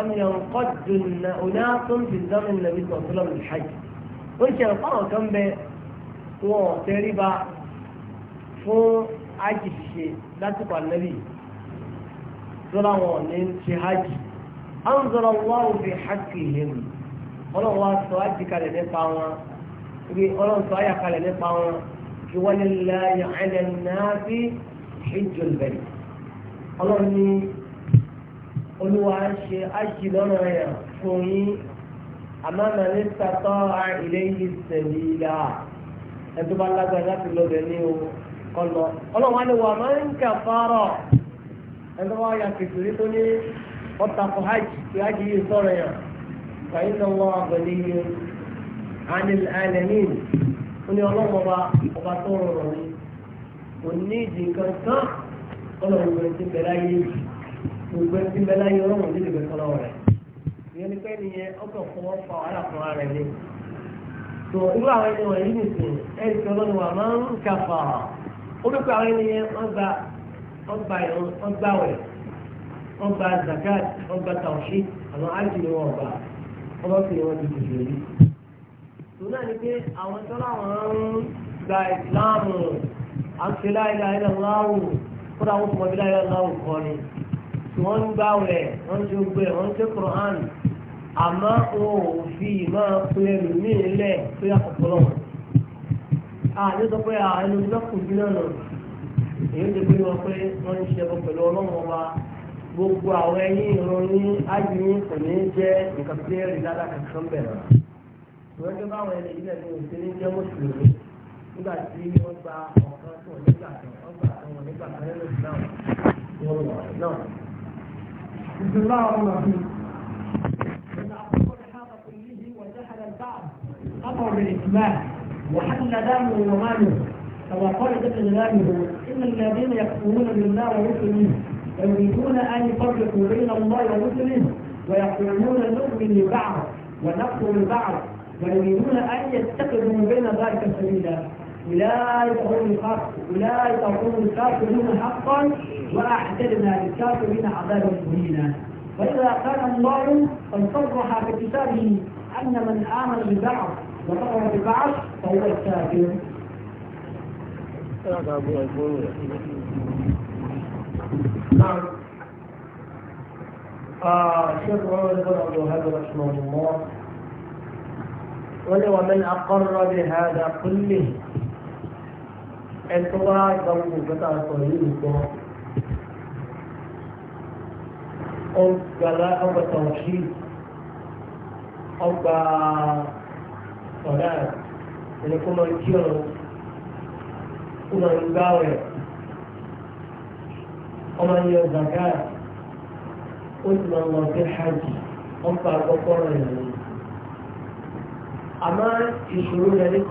أناس في زمن النبي صلى الله عليه وسلم الحج وإن شاء الله كان بي وتربى فوق hajj ṣe lásìkò ànábì lọ́la wọn ní ṣe hajj anzọ̀rọ̀ wá òfin hajj yẹn ọlọ́run wá sọ hajj kalẹ̀ nípa wọn ibi ọlọ́run sọ ayà kalẹ̀ nípa wọn kí wọ́n lè la yàrá náà sí hajj olùbẹ̀rẹ̀ ọlọ́run ní olúwa ṣe hajj lọ́nà rẹ̀ fún yín àmọ́ màní sàtọ́ ilé yìí sẹ̀lí la ẹ̀dùnmọ́ alágbára láti lọ bẹ̀ ní o kọlọ ọlọ́wọ́n ni wà máa ń kà fárọ̀ ẹni tó wá ya kékeré tó ní ọta kọ hajj kí hajj yìí sọ̀rọ̀ yàn fàyín náà wọ́n àgbẹ̀lẹ̀ yìí anil alamin ó ní ọlọ́wọ́n ọba ọba tó rọrùn ni kò ní ìdí kankan ọlọ́wọ́n ìwé ti bẹ̀rẹ̀ ayé ìwé ti bẹ̀rẹ̀ ayé ọlọ́wọ́n ti bẹ̀rẹ̀ kọlọ́ rẹ̀ ìyẹn ni pé nìyẹn ọkọ̀ fọwọ́ fa wàhálà fúnra rẹ̀ ni. tó irú àwọn ẹni wọ̀nyí nìsín ẹ̀ orúkọ àwọn ènìyàn wọ́n gba wọ́n gba ìrún wọ́n gba wẹ̀ wọ́n gba zakat wọ́n gba tàwọ̀ṣí àwọn ájì ni wọ́n gba wọ́n bá fi wọn di kùsùn yìí. tòun náà ni pé àwọn tó láwọn ń gba ìsìláàmù àti láìláì láwù kódà wọ́n fún ọdún láìláì láwù kọ́ ni wọ́n ń gbá wẹ̀ wọ́n ti gbé wọ́n ti kùrọ̀ àmọ́ wọn ò fi ìmọ̀ pé ẹlòmíì lẹ̀ pé àkọ́kọ́ àní sọ pé àìlú lọ́kùn bí náà nà èyí ti pín wọn pé wọ́n ń ṣe ẹbọ pẹ̀lú ọlọ́run ọba gbogbo àwọn ẹyin ìran ní ájúyín kò ní jẹ́ nǹkan tí ẹ̀rí ládàá kankan bẹ̀rẹ̀ wọ́n jẹ́ báwọn ẹni ìbílẹ̀ ní òsín ní jẹ́ mùsùlùmí nígbà tí wọ́n gba ọ̀kan tí wọ́n nígbà kan wọ́n gba àwọn nígbà kan nínú ìsìlámù wọn wọ̀ náà. ìjọba ọmọ mi ọ̀nà àkọ́kọ́ ni وحتى دمه وماله كما قال جل جلاله ان الذين يكفرون بالله ورسله يريدون ان يفرقوا بين الله ورسله ويقولون نؤمن لبعض ونكفر لبعض ويريدون ان يتخذوا بين ذلك سبيلا اولئك هم الحق اولئك هم الكافرون حقا واعتدنا للكافرين عذابا مهينا فإذا كان الله قد صرح في كتابه ان من امن ببعض وقرر فهو الكافر نعم الشيخ آه، محمد بن عبد الوهاب رحمه الله ولو من أقر بهذا كله الكبار ضمن قطع صهيونكم أو جلاء أو توحيد أو sọ̀dá ẹni kó máa jí ọ̀run kó máa ń gbá rẹ̀ ọmọ yẹn zàgá ó sì máa ń lọ sí hajj ó ń pa àkọ́kọ́ rẹ̀ lọ́wọ́. àmọ́ ìṣòro rẹ̀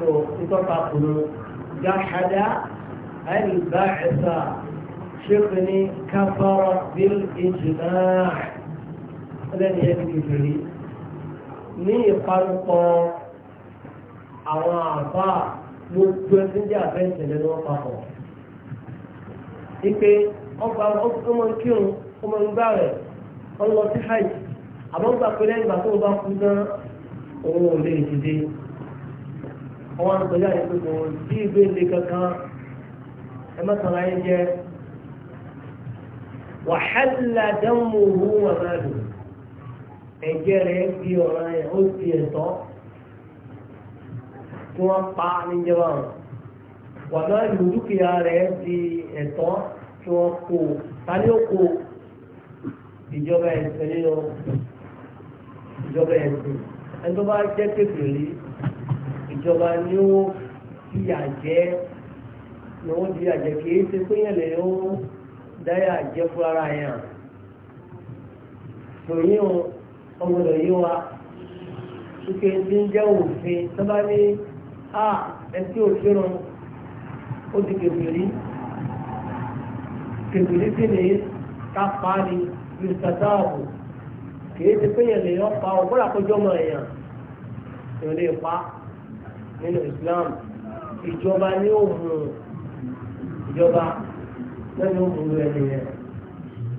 tó ìtọ́ta kùnú jáhádá àìbáṣà ṣékù ní káfọ́rọ̀ bíl ìjìnà ẹlẹ́ni ẹni kékeré ní ipe ọgbà ọmọ kírun ọmọ ìgbà rẹ̀ ọlọ́tí hajj àbọ̀gbà pé ìgbà tó bá kú náà òun ò lè dìde àwọn àgbẹ̀yà yìí pé kò sí ìbéèrè kankan ẹ má tàn láyé jẹ wàhálà dánwò owó wà máa lò ẹ̀jẹ̀ rẹ̀ di ọ̀ràn yẹn ó ti ẹ̀tọ́ tí wọ́n pa níjọba wọn wà máa lò dúkìá rẹ̀ di ẹ̀tọ́ tí wọ́n kó tani ó kó ìjọba ẹ̀sìn nínú ìjọba ẹ̀sìn ẹni tó bá jẹ́ kékeré ìjọba ni ó fìyà jẹ ni wọ́n fìyà jẹ kì í ṣe pé yẹn lè ó dáyà jẹ fún ara yẹn tòyìn ọmọdé yìí wa ike tí ń jẹ́ òfin tó ní a ẹtí òfin ó di kèbìrí kèbìrí sí ni kápá ni lùsàtààbù kìí ti péye lè yọ pa ọgbọ́n àkójọ ọmọ èèyàn èèyàn lè pa nínú Islam ìjọba ní òun ìjọba lẹ́nu òun ẹni yẹn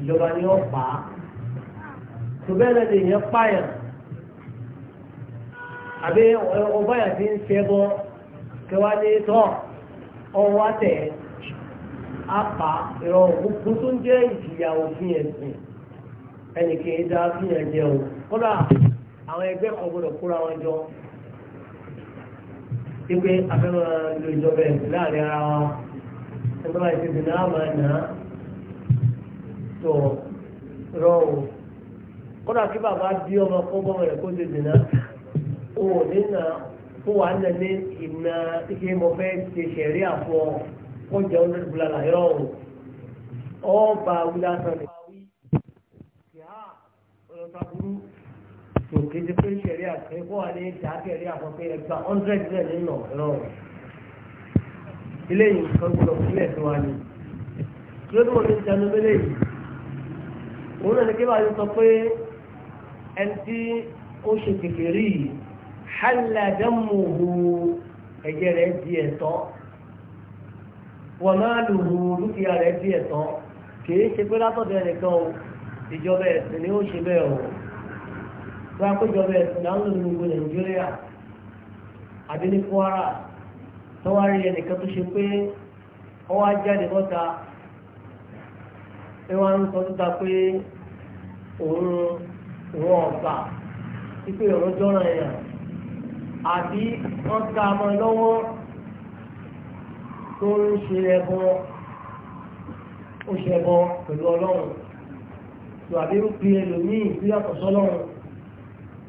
ìjọba ní ọ̀pá tòbẹ́lẹ̀ lè yẹn pààyàn àbí ọba yà ti ń ṣẹ́bọ kẹwàá ní tọ́ ọwọ́ àtẹ̀ apá ìrọ̀rùn gbogbo tó ń jẹ́ ìjìyà òfin ẹ̀sìn ẹnì kìí dá fìyàn jẹun kódà àwọn ẹgbẹ́ kan gbọdọ̀ kóra wọn jọ pípé afẹ́mọ́ ìlú ìjọba ẹ̀sìn láàrin ara wọn ẹgbẹ́ bá ti di náà máa nà á tó rọ o kódà kí bàbá bí ọmọ kọ́ bọ́mọ rẹ̀ kó ti di náà o ò ní nà fún wa nà ní ìnà ike mo fẹ́ ṣe ṣẹ̀rí àfọ kó jẹ́ ọdún ìbúlalà yọ̀ o ọba wíwá sọ̀rọ̀ ìyá kì í ti pé ṣẹ̀rí àti kó wà ní ìdákẹ́rí àwọn pé ẹgbà hundred náà nínú ọ̀rọ̀ ilé yìí kan gbọdọ̀ sílẹ̀ tó wà ní. lórí mo ti ń tẹnu mẹ́lẹ̀ yìí òun náà ní kí wàá sọ pé ẹni tí ó ṣe kékeré yìí hàlà dẹ́mùhù ẹ̀jẹ̀ rẹ̀ di ẹ̀tọ́ wọ́n máa lùhù dúkìá rẹ̀ di ẹ̀tọ́ kì í ṣe pé látọ̀dọ̀ ẹnìkan tó akójọba ẹ̀sìn náà ń lò ní gbogbo nàìjíríà àbí ní kwara tó wá rí ẹnìkan tó ṣe pé ó wá jáde bọ́ta pé wọ́n ń sọ síta pé òun òun ọ̀gbà pípé òun jọ́ràn èèyàn àbí wọ́n ká ọmọ lọ́wọ́ tó ń ṣe ẹbọ ó ṣe ẹbọ pẹ̀lú ọlọ́run tó àbí rúpi ẹlòmíì tó yàtọ̀ sọ́lọ́run.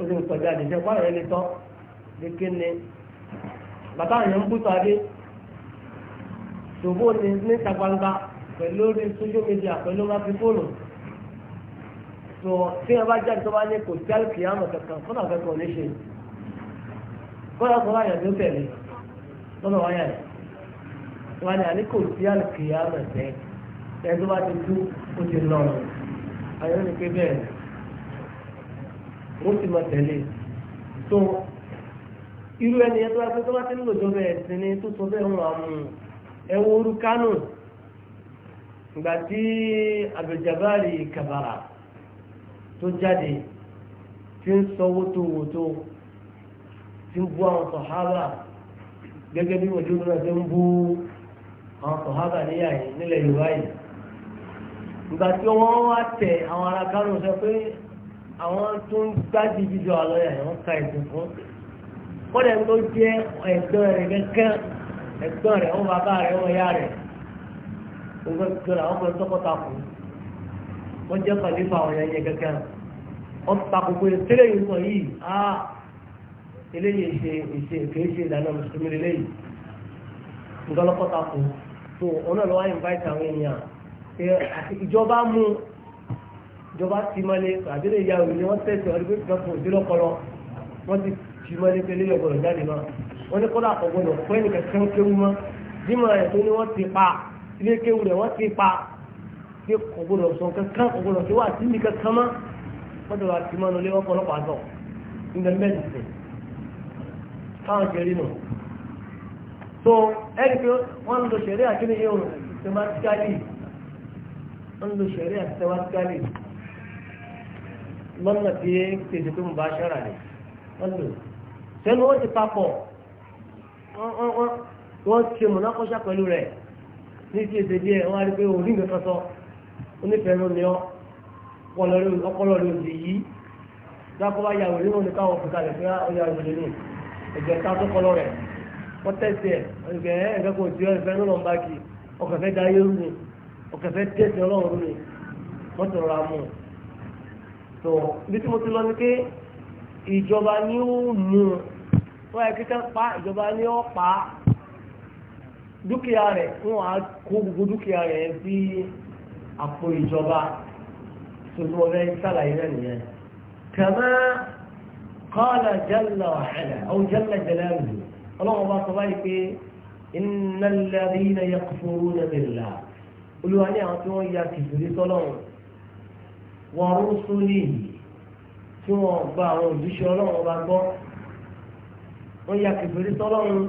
oṣù ìtọ́jà àdìsẹ́ pààrọ̀ rẹ̀ lè tọ́ lè ké ni bàbá àyàn ń bú sáré ṣòbó ni níta gbangba pẹ̀lú orí social media pẹ̀lú máfífóònù tó tí wọn bá jáde tó bá ní kò sí àlùkìyàmù kankan fún àkẹ́kọ̀ọ́ ní ṣe kọ́lá kọ́lá àyàn tó tẹ̀lé lọ́nà wáyà yìí wọn ni àní kò sí àlùkìyàmù ẹ̀sẹ̀ ẹ̀ tó bá ti tú ó ti lọ́rùn àyàn ní pé bẹ́ẹ̀ ni wọ́n sì máa tẹ̀lé tó irú ẹni yẹn tó tó bá ti ń lò jọba ẹ̀sìn ni tó sọ bẹ́ẹ̀ wọn àmú ẹwọ orú kánò ìgbà tí àbẹ̀jàbáàrí kàbàrà tó jáde tí ń sọ wótòwótò tí ń bú àwọn sọ̀hábà gẹ́gẹ́ bí wọ́n náà ti ń bú àwọn sọ̀hábà níyà yìí nílẹ̀ Yorùbá yìí ìgbà tí wọ́n wá tẹ̀ àwọn ará kánò sọ pé àwọn tó ń gbájú bíbí ọlọ́yà yẹn wọ́n ka ẹ̀sìn fún kọ́dà ló jẹ́ ẹ̀gbọ́n rẹ̀ gẹ́gẹ́ ẹ̀gbọ́n rẹ̀ wọ́n bàbá rẹ̀ wọ́n yá rẹ̀ wọ́n gbọ́dọ̀ àwọn ọmọ tọkọta kù wọ́n jẹ́ kàlífà àwọn yẹn gẹ́gẹ́ wọ́n ta kókó tẹ́lẹ̀ yìí sọ yìí á eléyìí ṣe ìṣe kìí ṣe ìdáná mùsùlùmí tó ọ̀nà lọ́wọ́ ìjọba ti mọ́lé àbílẹ̀ ìyá òní wọ́n tẹ̀sẹ̀ ọdún pé kan fún òdìlọ́kọlọ wọ́n ti ti mọ́lé pé lẹ́yìn ọgbọ̀nọ̀ jáde mọ́ wọ́n ní kọ́lá ọgbọ̀nọ̀ pẹ́ nìkan tí wọ́n kéwu mọ́ bímọ rẹ̀ tó ní wọ́n ti pa ilé kéwu rẹ̀ wọ́n ti pa pé ọgbọ̀nọ̀ sọ kankan ọgbọ̀nọ̀ tí wà síbi kankan mọ́ wọ́n dọ̀rọ̀ àti mọ́nu lé ọ̀pọ̀lọpọ̀ àtọ̀ ilẹ̀ mẹ́lìsì káwọn jẹ́rí nù so ẹni pé wọ́n ń lo ṣẹ̀rí àkíní yóò tẹmátíkálì ń lo ṣẹ̀rí àti lọ́nà tí kejì tó ń bá ṣọ́ra rẹ̀ wọ́n lò sẹ́nu ó ti papọ̀ wọ́n ṣe mọ̀nàkọ́ṣà pẹ̀lú rẹ̀ ní ti èdè díẹ̀ wọ́n á rí pé òní nǹkan sọ onífẹ̀ẹ́ ló ní ọ́ ọpọlọ rẹ̀ òdì yìí dákọ́bá ya òní wọn ni káwọn fi kalẹ̀ fún ọyà òdì ní ẹ̀jẹ̀ ká tó kọlọ rẹ̀ wọ́n tẹ̀sí ẹ̀ ẹ̀jẹ̀ ẹ̀jẹ̀ kò tí ọ̀fẹ́ ló lọ́n bá kì ọkẹ̀fẹ́ da ayé rú ni ọkẹ̀fẹ́ tẹ̀sí ọlọ́run rú ni wọ́n tọrọ so bí tí mo ti lọ ni pé ìjọba ni ó mú wọn yẹ kíkẹ́ pa ìjọba ni ó pa dúkìá rẹ̀ wọn á kó gbogbo dúkìá rẹ̀ sí àpò ìjọba tuntun wọn fẹ́ sàlàyé náà nìyẹn. kàmá kọ́lá jẹ́lá wàhálà ọ̀hún jẹ́lá jẹ́lá rù ọlọ́run bá sọ báyìí pé iná náà yẹ kó fún orúkọ ní àwọn tí wọ́n ya kìfìrí sọ́lọ́run wọ́n ń sún ní ìlú tí wọ́n gba àwọn òjíṣẹ́ ọlọ́run bá gbọ́ wọ́n ya kẹfìrí sọlọ́run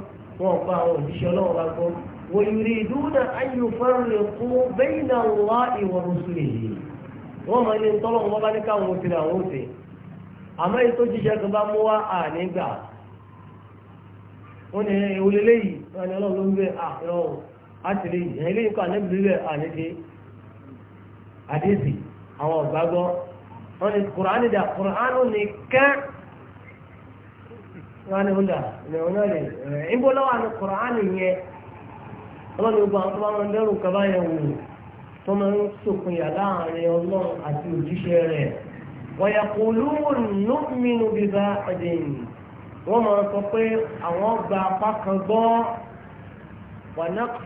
wọ́n gba àwọn òjíṣẹ́ ọlọ́run bá gbọ́ wọ́n yìí dúdà ayò fẹ́rẹ̀ fún bẹ́yìn àwọn ìwọ̀n sún ìlú wọ́n máa ní tọ́lọ́run wọ́n bá ní káwọn òsèré àwọn òsè àmọ́ èyí tó kan bá mú wá àní gbà wọ́n ní ìwòlélẹ́ yìí wọ́n ní ọlọ́run ló ń gbé àwọn ọ̀gbágbọ́ wọ́n ni kùránì dà kùránù nìkan wọ́n ni wúdà ìrìn náà rè ìbò lọ́wọ́ ni gbogbo àwọn ọmọ ẹ̀rù tó ń ọlọ́run àti òjíṣẹ́ rẹ̀ wọ́n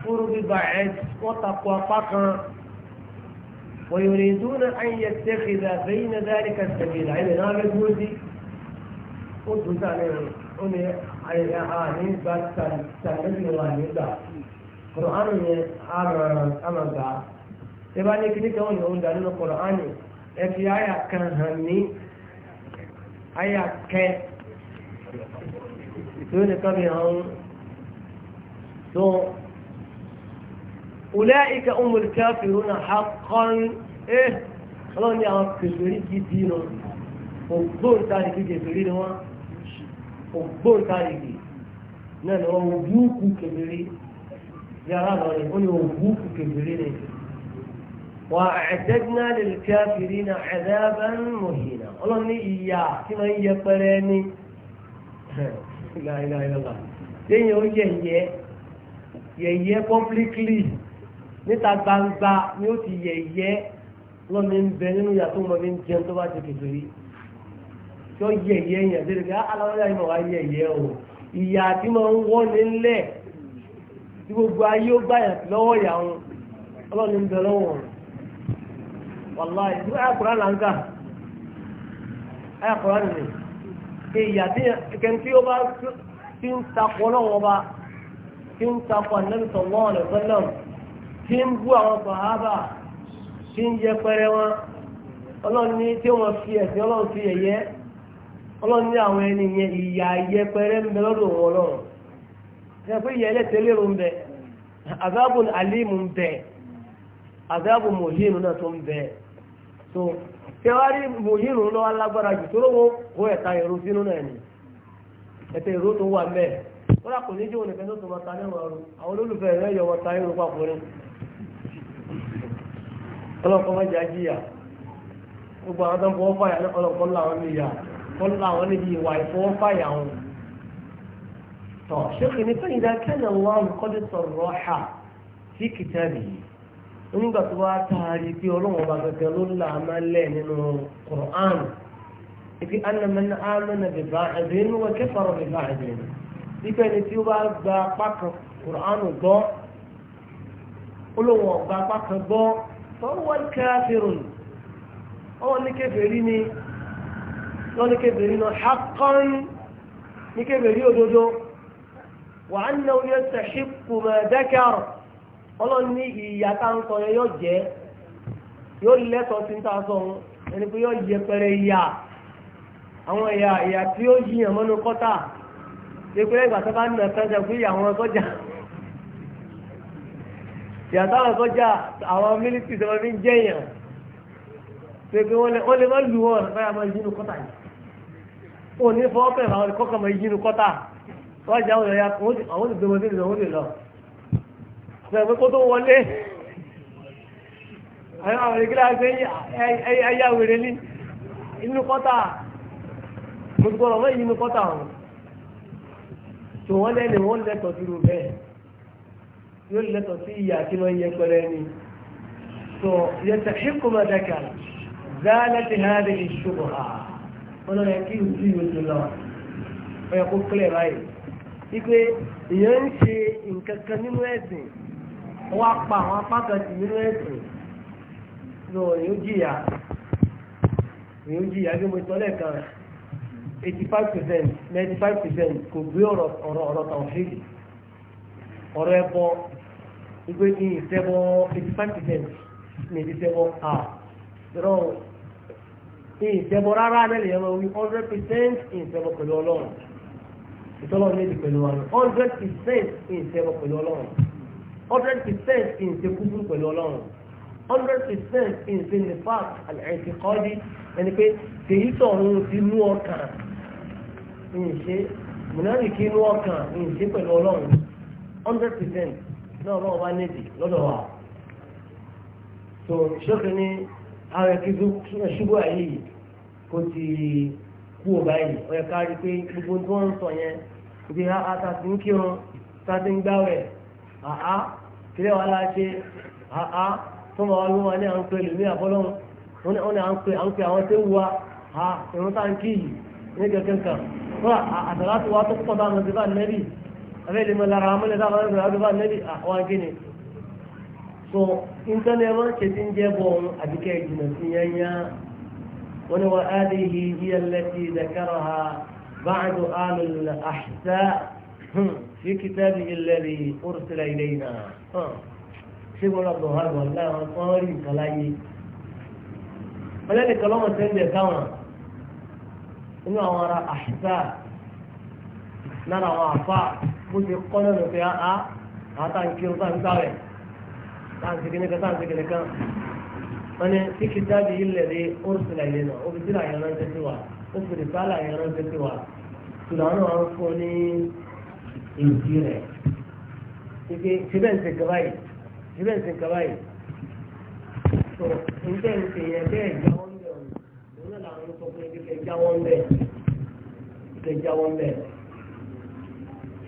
kó bíbá ويريدون أن يتخذ بين ذلك السبيل يعني نعمل بوزي قلت ثاني أني أعاني بعد أنا الله يدع قرآن أمر أمر دع أنا أنا اقول يقول أنا القرآن في آية كان هني أنا كي دون أنا أنا أولئك هم الكافرون حقا إيه خلاص يا كفري جدينا وبون تاريخ كفري نوا وبون تاريخ نحن وبوك كفري يا رب أنا وبوك كفري وأعتدنا للكافرين عذابا مهينا الله ني إياه كما يقرأني لا إله إلا الله تين يوجه يهيه يهيه completely níta gbangba ni ó ti yẹ̀yẹ́ lọ́mọ ń bẹ nínú yàtọ̀ ọmọ mi ń jẹun tó bá ti kìtò yìí tí ó yẹ̀yẹ́ yẹn dédé pé ah, aláwọ̀dá yìí mọ̀ wá yẹ̀yẹ́ o ìyá tí mo ń wọ́ ní lẹ̀ tí gbogbo ayé ó gbà yàn lọ́wọ́ yà wọn ọlọ́ni ń bẹ lọ́wọ́ wàlá ìdúró ayàkùrá là ń gà ayàkùrá nìyẹn kí ìyá tí kẹ́ntì ó bá ti ń takọ̀ náà bá ti ń takọ̀ tí ń bú àwọn sàhábà tí ń yẹpẹrẹ wọn ọlọ́run ní tí wọ́n fi ẹ̀sìn ọlọ́run fi ẹ̀yẹ ọlọ́run ní àwọn ẹni yẹn ìyà yẹpẹrẹ ń bẹ lọ́dọ̀ wọn lọ́rùn ṣe pé ìyà ẹlẹ́tẹ̀lẹ́ ló ń bẹ àzábù àlímù ń bẹ àzábù náà tó ń bẹ so tẹwárí jù tó lówó kó ẹ̀ta ìró sínú náà ni ìró ọlọ́pọ̀ mọ́jà jíyà gbogbo àwọn tó ń fọwọ́ fàyà láwọn ní ìyà wọ́n níbi ìwà ìfọwọ́ fàyà wọn. tọ́ ṣéèkì ní fẹ́yìn dákẹ́nà wọn kọ́lé sọ̀rọ̀ ha sí kìtàbì nígbà tó wá taari pé ọlọ́wọ́n bá gẹ́gẹ́ ló là máa lẹ̀ nínú Qur'an ibi anamẹ́ni amẹ́nà bìbá ẹ̀dínú wọ́n kẹfàrọ̀ bìbá ẹ̀dínú ibẹ̀ ni tí ó bá gba apá kan gbọ́ ó lóun ọ̀gá gbọ́ fọwọ́ káfírùn ọwọ́ ní kèfèrí ni ní kèfèrí ní kèfèrí òdodo wà á nà ó yẹ sàṣípù mẹ́ẹ̀dẹ́kẹ́rù ọlọ́run ní ìyá ń sọ yóò jẹ́ yóò lẹ́tọ̀ọ́ sí ta sọ ẹni pé yóò àwọn tí ó yíyàn mọ́nú ṣe pé ẹgbàá bá yàtọ̀ àwọn sọ́jà àwọn mílítì sọ́jà fi ń jẹ́yàn pé wọ́n lè má lù wọ́n báyà máa yínú kọ́tà yìí ó ní fọwọ́ pẹ̀lú àwọn kọ́kọ́ máa yínú kọ́tà wọ́n jẹ́ àwọn ìyá àwọn ti gbẹmọ sílẹ̀ wọ́n lè lọ. sọ̀rọ̀ kó tó wọlé àwọn ìgbéra pé ẹyà wèrè ní inú kọ́tà gbogbo ọ̀rọ̀ mọ́ ìyínú kọ́tà ọ̀hún. tòun wọ́n lẹ́nu yóò lẹ́tọ̀ sí ìyà tí wọ́n yẹ pẹ̀lẹ́ ni tó yẹ tẹ̀síkù máa dẹ́ka zálẹ́tì hádé ìṣòro ha wọn lọ́nà kí n tí yóò ti lọ ọ yẹ kó kílẹ̀ báyìí ipe ìyẹn ń ṣe nǹkan kan nínú ẹ̀sìn wọ́n á àwọn apá kan sí nínú ẹ̀sìn lọ yóò jìyà yóò jìyà bí mo sọ lẹ́ẹ̀kan eighty five percent ninety five percent kò gbé ọ̀rọ̀ ọ̀rọ̀ ọ̀rọ̀ tàwọn fèèrè ọ̀rọ̀ ẹ̀bọ ìgbé ní ìṣẹ́bọ̀ percent. ní ìṣẹ́bọ̀ ah. rọ ní ìṣẹ́bọ̀ rara mẹ́lẹ̀ yẹn máa wí 100% ní ìṣẹ́bọ̀ pẹ̀lú ọlọ́run ìtọ́lọ́run lédi pẹ̀lú Hundred percent ní ìṣẹ́bọ̀ pẹ̀lú ọlọ́run 100% ní ìṣẹ́kúkú pẹ̀lú ọlọ́run 100% ní ìṣẹ́ nifaq al-i'tiqadi ẹni pé tèyí tọ̀run ti nú ọkàn ní ìṣe mùnárìkì nú ọkàn ní ìṣe pẹ̀lú ọlọ́run 100% náà náà wá níbi lọ́dọ̀ wa tó ṣókè ní ààrẹ kíkú ṣubú àyè yìí kó ti kú ọba yìí ó yẹ ká rí i pé gbogbo tí wọ́n ń sọ yẹn ibi ata ti ń kírun ta ti ń gbáwẹ̀ àá kílẹ̀ wà láṣẹ àá tó máa wá ló wà ní à ń pè lómi àbọ́lọ́hún wọ́n ní à ń pè à ń pè àwọn tó ń wa à ìrún ń kí yìí ní kẹ̀kẹ́ kan wọ́n àtàlá ti wá tó pọ̀ bá àwọn ti bá nẹ́bí abẹ́ lè mọ lára àwọn mọ́lẹ̀ táwọn ọ̀rẹ́ ọdún bá nẹ́bí àwọn akéne so intanet máa ń ṣe ti ń jẹ́ bọ̀ ọ̀run àbíkẹ́ ìjìnà sí yányá wọ́n ní wọ́n áàdìhì hiya allati dhakaraha ba'du ahlul láwọn kan rí nǹkan káwọn inú àwọn ará ahsa lára àwọn àfáà bó ṣe kọ́ náà lọ pé áá ah, ah, àwọn tá à ń kírun tá à ń sáré tá à ń segin nìkan tá à ń segin nìkan wọn ni tí kì í dáàbì ilẹ̀ rí oríṣiríṣi àyè náà òbí sílẹ̀ àyè ránṣẹ́ sí wa ó sì lè sálà àyè ránṣẹ́ sí wa ṣùgbọ́n náà wọ́n fún ní èdè rẹ̀ ṣíbi ṣíbẹ̀ ń ṣe kaba yìí ṣíbẹ̀ ń ṣe kaba yìí tó níbẹ̀ ń ṣe yẹn bẹ́ẹ̀ jáwọ́ ń bẹ̀ ọ̀nà òun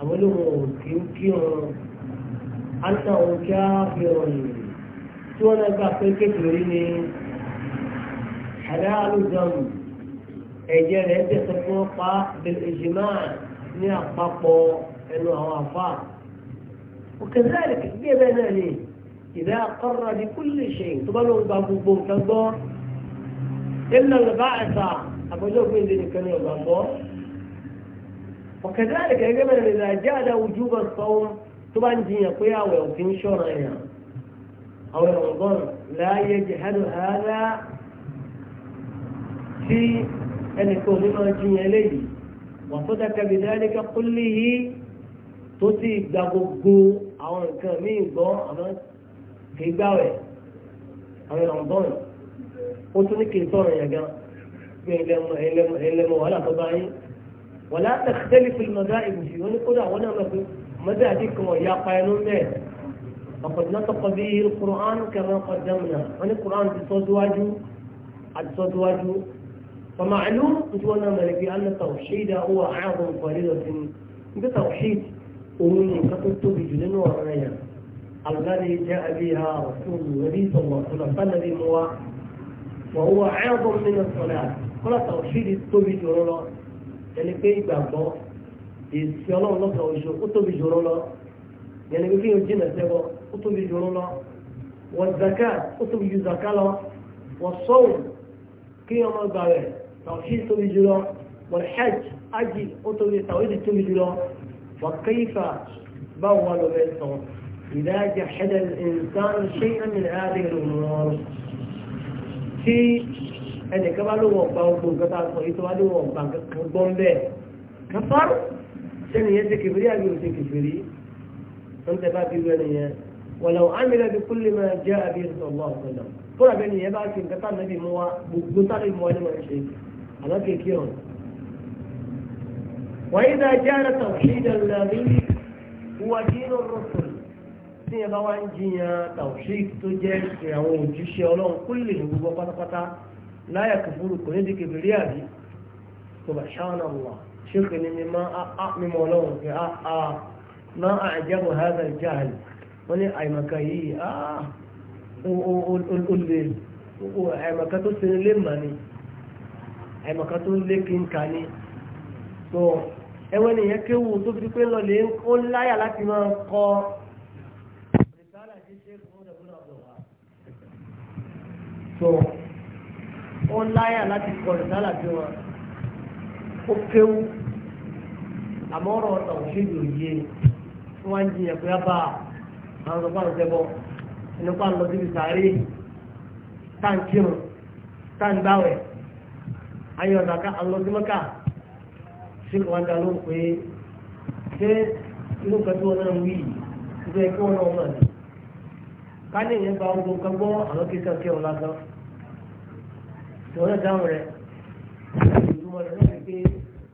àwọn olóhùn kì í kí ọ̀rọ̀ àti àwọn kí á fi ọ̀rọ̀ yìí tí wọ́n náà gbà pé kékeré ni àdáàlú dàmù ẹ̀jẹ̀ rẹ̀ tẹ̀sán fún ọ̀pá ìjìmá ní àpapọ̀ ẹnu àwọn àfa. وكذلك بيه بناني إذا قر بكل شيء تبالغ بابو كذا إلا البعث أبو جوف يزيد كان وكذلك يجمل إذا جاء وجوب الصوم طبعا دي قيا وفي شرعنا أو رمضان لا يجهل هذا في أن يكون لما جي إليه وصدق بذلك كله تطيب دقوقو أو كمين قو أما في قوي أو رمضان قلت لك يصور يا جماعة إلى إلى إلى ولا تضعي ولا تختلف المذاهب في ونقول هنا مذاهبكم يا قانون مين فقد نطق به القرآن كما قدمنا عن القرآن بصوت واجو عن صوت واجو فمعلوم أتوانا ملكي أن التوحيد هو أعظم فريضة بتوحيد أمني كتبت بجلن ورنيا الذي جاء بها رسول النبي صلى الله عليه وسلم هو وهو أعظم من الصلاة ولا توحيد الطبي yẹni pé ìgbàgbọ́ èsì ọlọ́run lọ́sàn oṣù ó tóbi jòrò lọ yẹni pé kéèyàn jìnà sẹ́wọ́ ó tóbi jòrò lọ wọ́n zaka ó tóbi ju zaka lọ wọ́n sọ́wọ́ kéèyàn máa gbà rẹ̀ tàwọ́sí tóbi jùlọ wọ́n hajj ájì ó tóbi tàwọ́sí tóbi jùlọ wọ́n kéyìfà báwo wà lọ bẹ́ẹ̀ sọ ìdájà xẹ́dẹ̀ ìnsán ṣé àmì àdéhùn mọ́ tí ẹnìkan bá lówó ọ̀gbà ogun nǹkan tá a sọ yìí tó bá lówó ọ̀gbà nǹkan gbọ́n bẹ́ẹ̀ káfár sẹ́niyẹn ṣe kẹfìrí àbí òṣè kẹfìrí ń tẹ́ bá fi wẹ́ nìyẹn wọ̀lọ̀ àmìlẹ̀ bí kúlẹ̀ máa jẹ́ àbí ìṣọ̀gbọ́n ọ̀gbọ̀n fúnra bẹ́ẹ̀ nìyẹn bá ti nǹkan tá a nàbì wa gbogbo tá a lè wa ní wọ́n ṣe àmọ́ kéèké ọ̀hún. وإذا جاء توحيد الذي هو دين الرسل tí ẹ bá wá ń jiyàn tàwùsí tó jẹ́ ìrànwọ́ òjíṣẹ́ ọlọ́run kó lè gbogbo pátápátá láyà kẹfùrù kò ní di kẹfìrí àbí subhanallah ṣéèkì ni mímọ ọlọ́run pé áá máa àjẹbù hazard jahal wọ́n ní àìmọ̀kà yìí áá olè àìmọ̀kà tó sinmi lé mà ni àìmọ̀kà tó lé kínkà ni tó ẹwẹ́ nìyẹn kéwù tó fi pé lọ́lẹ̀ ó láyà láti máa kọ́ so ó láyà láti kọ ìsálà a wọn ó kéwú àmọ́ ọ̀rọ̀ ọ̀tàn òṣèlú òye tí wọ́n ń jiyàn pé bá àwọn ọ̀sán fáwọn ṣẹbọ ẹni pa ń lọ sàárè táǹkìrùn táǹgbáwẹ̀ ayé ọ̀nà ká alọ́dúnmọ́ká sí wọn dá ló ń pè é ṣé inú kan tí wọn náà ń wí kí wọn náà ní. ká ní ìyẹn gbọ́ àwọn kékeré ọ̀la tòun náà dáhùn rẹ̀ ìdúmọ̀ rẹ̀ náà pé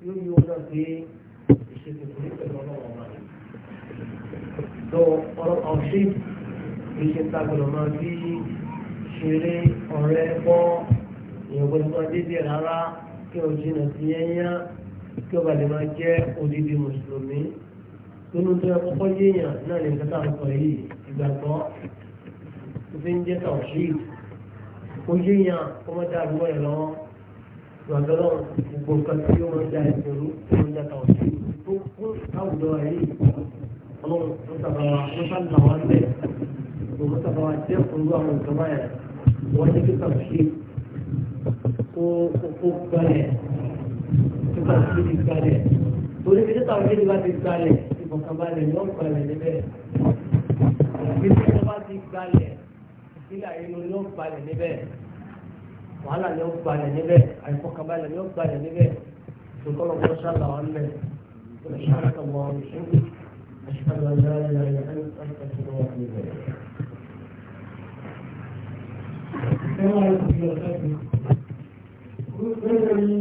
yóò yí wọn náà pé ìṣègùn kò ní pẹ̀lú ọlọ́wọ́n wa. tó ọ̀rọ̀ ọ̀ṣì kì í ṣe ta gbọ́dọ̀ máa bí ṣeré ọ̀rẹ́ bọ́ ìyẹ̀wòsàn dédé rárá kí o jìnnà sí yẹ́nyá kí o bá lè máa jẹ́ odidi mùsùlùmí nínú tó yẹ kọ́kọ́ yéèyàn náà lè ń tẹ́tà ọ̀sọ̀ yìí ìgbàgbọ́ tó fi ń jẹ́ tàwọn kò yé yàn kó mọ́ dáa àdúgbò yẹn lọ́wọ́ ìwàgbọ́lọ́ gbogbo nǹkan tí ó mọ́ dáa ìṣòro tó mọ́ dáa kàwọ́ sí tó kó àwùjọ rẹ̀ yìí ọlọ́run tó sábà wà ló bá nà wá bẹ̀ tó mọ́ sábà wà jẹ́ òru àwọn nǹkan báyà wọ́n ní kí kàwọ́ sí kó kó gbalẹ̀ kí kàwọ́ sí ti gbalẹ̀ torí kí kàwọ́ sí ti bá ti gbalẹ̀ ìfọ̀kànbalẹ̀ yọ̀ gbalẹ̀ níbẹ̀ ìfọ̀kànbalẹ̀ ti gbalẹ̀ sílẹ̀ àyínú ni ó balẹ̀ níbẹ̀ wàhálà ni ó balẹ̀ níbẹ̀ àìfọkànbalẹ̀ ni ó balẹ̀ níbẹ̀ ṣùgbọ́n ọ̀gbọ́n ṣáàlà wọn lẹ̀ ṣáàlà wọn ṣẹ́kù aṣáájú ọjọ́ ìyá ìyá ẹni tó ti lọ́wọ́ ní ibẹ̀. Ẹ̀rọ ìgbìyànjú ọ̀sẹ̀ kù. Gbogbo ẹni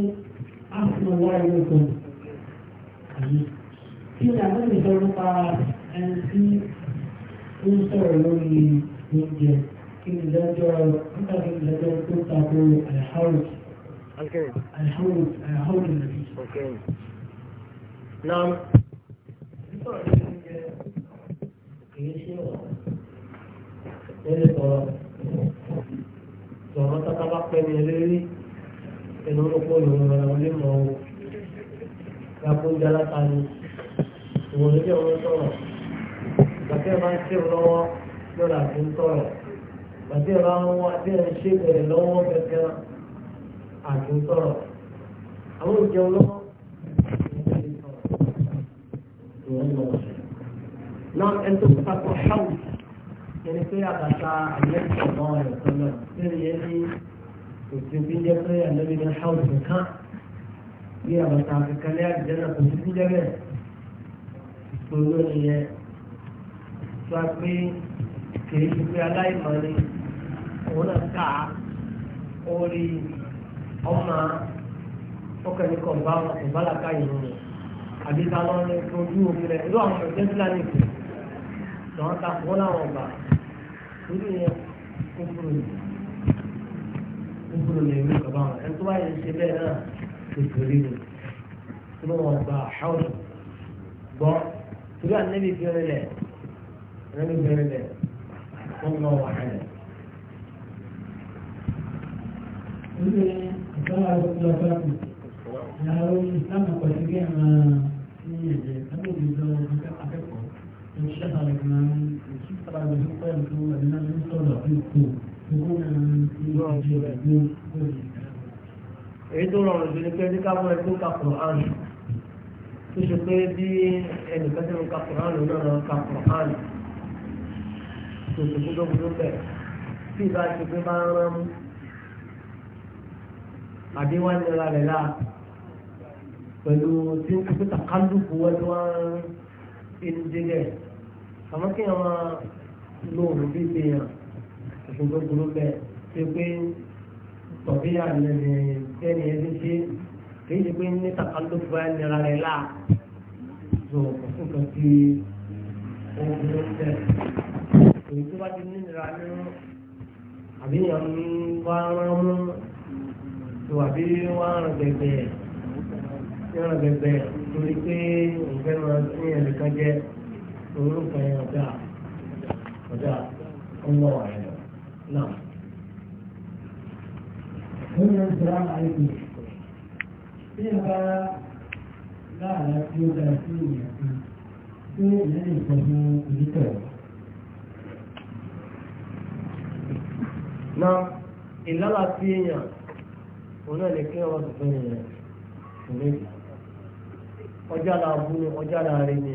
á fi wá ilé kan. Kí ni àwọn ìṣòro pa ẹni tí ó ń sọ̀rọ̀ lórí oúnjẹ? kí ni ìdájọ́ nígbà tí ìdájọ́ tó tako alhawd alhawd alhawd nàbí. Nam. Nígbà tí ó ń jẹ kìí ṣe ọ̀rọ̀ lẹ́lẹ̀ tọ̀rọ̀ tọ̀rọ̀ tata bá pẹ́ ní eléré ẹnu lóko lòun rẹ̀ wọlé mọ́ o. Lápóúnjẹ alátaní ń ṣe lọ́wọ́ lọ́la tó ń tọ̀rọ̀ gbàtí ẹ̀rọ àwọn ohun àti ẹ̀ ṣe bẹ̀rẹ̀ lọ́wọ́ kẹ̀kẹ́ àti sọ̀rọ̀ àwọn ìjẹun lọ́wọ́ náà ẹni tó kọ́ta kọ́ ṣáwù ẹni pé àbàtà àyẹ̀kọ̀ náà rẹ̀ sọ́nà lórí yẹn ní òtí òbí jẹ́ pé ànábi ní ṣáwù nìkan bí àbàtà kankan ní àjẹ́ náà kò sí sí jẹ́ bẹ́ẹ̀ ìṣòro nìyẹn tó a pé kìí ṣe pé aláìmọ̀ ni òun náà ká orí ọmọ ọkùnrin kan bá wọn bá làkà yìí nù àbí ká lọ ní ojú omi rẹ irú àwọn ọ̀jẹ́ fúlàní ìpè lọ́wọ́ ta wọ́n láwọn ọgbà orí yẹn kó kúrò yìí kó kúrò yìí ní wọn ẹni tó bá yẹn ṣe bẹ́ẹ̀ náà kò rí ni tí wọ́n gba àṣàwọ̀ gbọ́ torí ànẹ́bí bẹ̀rẹ̀ lẹ̀ ànẹ́bí bẹ̀rẹ̀ lẹ̀ wọ́n mọ̀ wà hàn Ile ikawa kwa sababu na hawezi sana kuwashiria na yeye sababu ndio nataka hapo. Inshallah kuna kitu kama hicho kwa mtu na mimi sio na kitu. Kuna ndio ndio èyí tó rọrùn jù ni pé ní ká mọ ẹni tó ka Qur'an tó ṣe pé bí ẹnìkan tó ń ka Qur'an lòun náà ń ka Qur'an tó ṣe gbọ́dọ̀ gbọ́dọ̀ bẹ́ẹ̀ tí ìbá ṣe pé bá ń rán mú àbí wọ́n nira rẹ̀ láà pẹ̀lú tí ó kó takálùkù wọ́n tí wọ́n ń délẹ̀ àmọ́ kí wọ́n lo òun bí ṣe yàn burú bẹ́ẹ̀ ṣe pé tọ̀bíyà lẹ́nu ẹni ẹni ṣe kì ṣe pé ní takálùkù wọ́n nira rẹ̀ láà lọ òfin kan tí ó burú bẹ́ẹ̀ èyí tó bá ti ní nira nínú àbí yàn ń bá rán mú tó àbí wọ́n rán gbẹgbẹ rán gbẹgbẹ torí pé òfin máa sí ẹnìkan jẹ orúkọ yẹn ọ̀dà ọ̀dà ọmọ àyàn náà. Lórí ọ̀sẹ̀ àwọn àìkú, bí ẹ bá láàrín tí ó dára sí ìyẹn kan, tí ìyẹn lè sọ fún ìdíkọ̀ náà ìlànà tí èèyàn òun náà lè kí wọn sọ fún yẹn kò lè gbà ọjà náà bú ni ọjà náà rí ni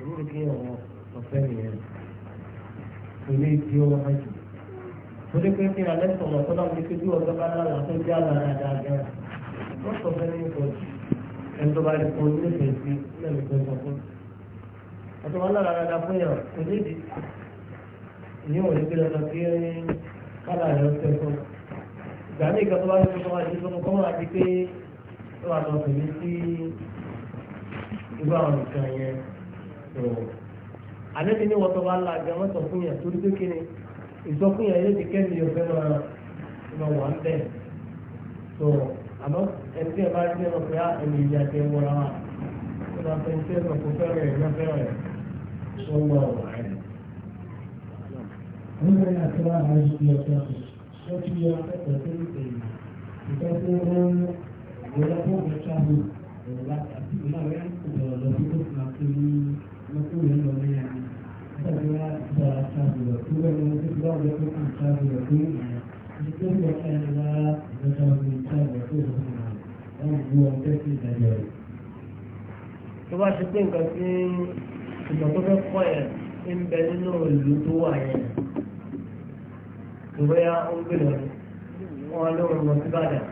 òun lè kí wọn sọ fún yẹn kò lè di ọmọ hajj torí pé kí alẹ́ sọ̀rọ̀ sọ́dọ̀ ní kí bí ọjọ́ bá náà lọ́tọ́ jẹ́ àlọ́ dáadáa gan wọ́n sọ fún yẹn kò ẹni tó bá rí kó nífẹ̀ẹ́ sí lẹ́nu tó sọ fún ọjọ́ bá náà dáadáa fún yẹn kò lè di ìyẹn ò ní kí lọ́tọ́ kí kálá rẹ̀ ó tẹ̀ fún un ìgbàmí ìkan tó bá ní fún wájú tó kọ́ máa di pé ó wà lọ tẹ̀lé sí irú àwọn nǹkan yẹn tó àlẹ́bí ní wọ́tọ̀ wá la gan mọ́tò fún yàn torí pé kí ni ìsọfún yàn yóò ti kẹ́mi yóò fẹ́ máa máa wà ń bẹ̀ tó àmọ́ ẹni tí ẹ bá rí ẹnu pé ah, ẹni ìyá tẹ wọra wa ó máa fẹ́ ṣe ẹnu kó fẹ́ràn ẹ̀ náà fẹ́ràn ẹ̀ tó ń bọ̀ wà ẹ̀. Wọ́n fẹ́ yà kí wọ́n á rí ọjọ́ ìgbà ó tún yẹ akẹ́kọ̀ọ́ tó ń tẹ̀lé ìfẹ́ tó ń wọlé fún ọ̀gá ṣáàbù ọ̀la àti ìlà rẹ̀ ìjọba lọ sí tó fún àti ní lọ́kùn rẹ̀ lọ ní àná ìtọ́jú wa ìjọba ṣáàbù rẹ̀ tó wẹ̀ lọ sí ìjọba ọ̀gá tó kàn ṣáàbù rẹ̀ tó ń yàn ìjọba ìjọba ìjọba ìjọba ìjọba ìjọba ìjọba ìjọba tó bá ṣe pé nǹkan tí ìgbà tó fẹ́ kọ́ ẹ̀ ń bẹ nínú ìlú tó wà yẹn bóyá ó ń gbèrò rẹ̀ wọ́n lóun lọ sí Ìbàdàn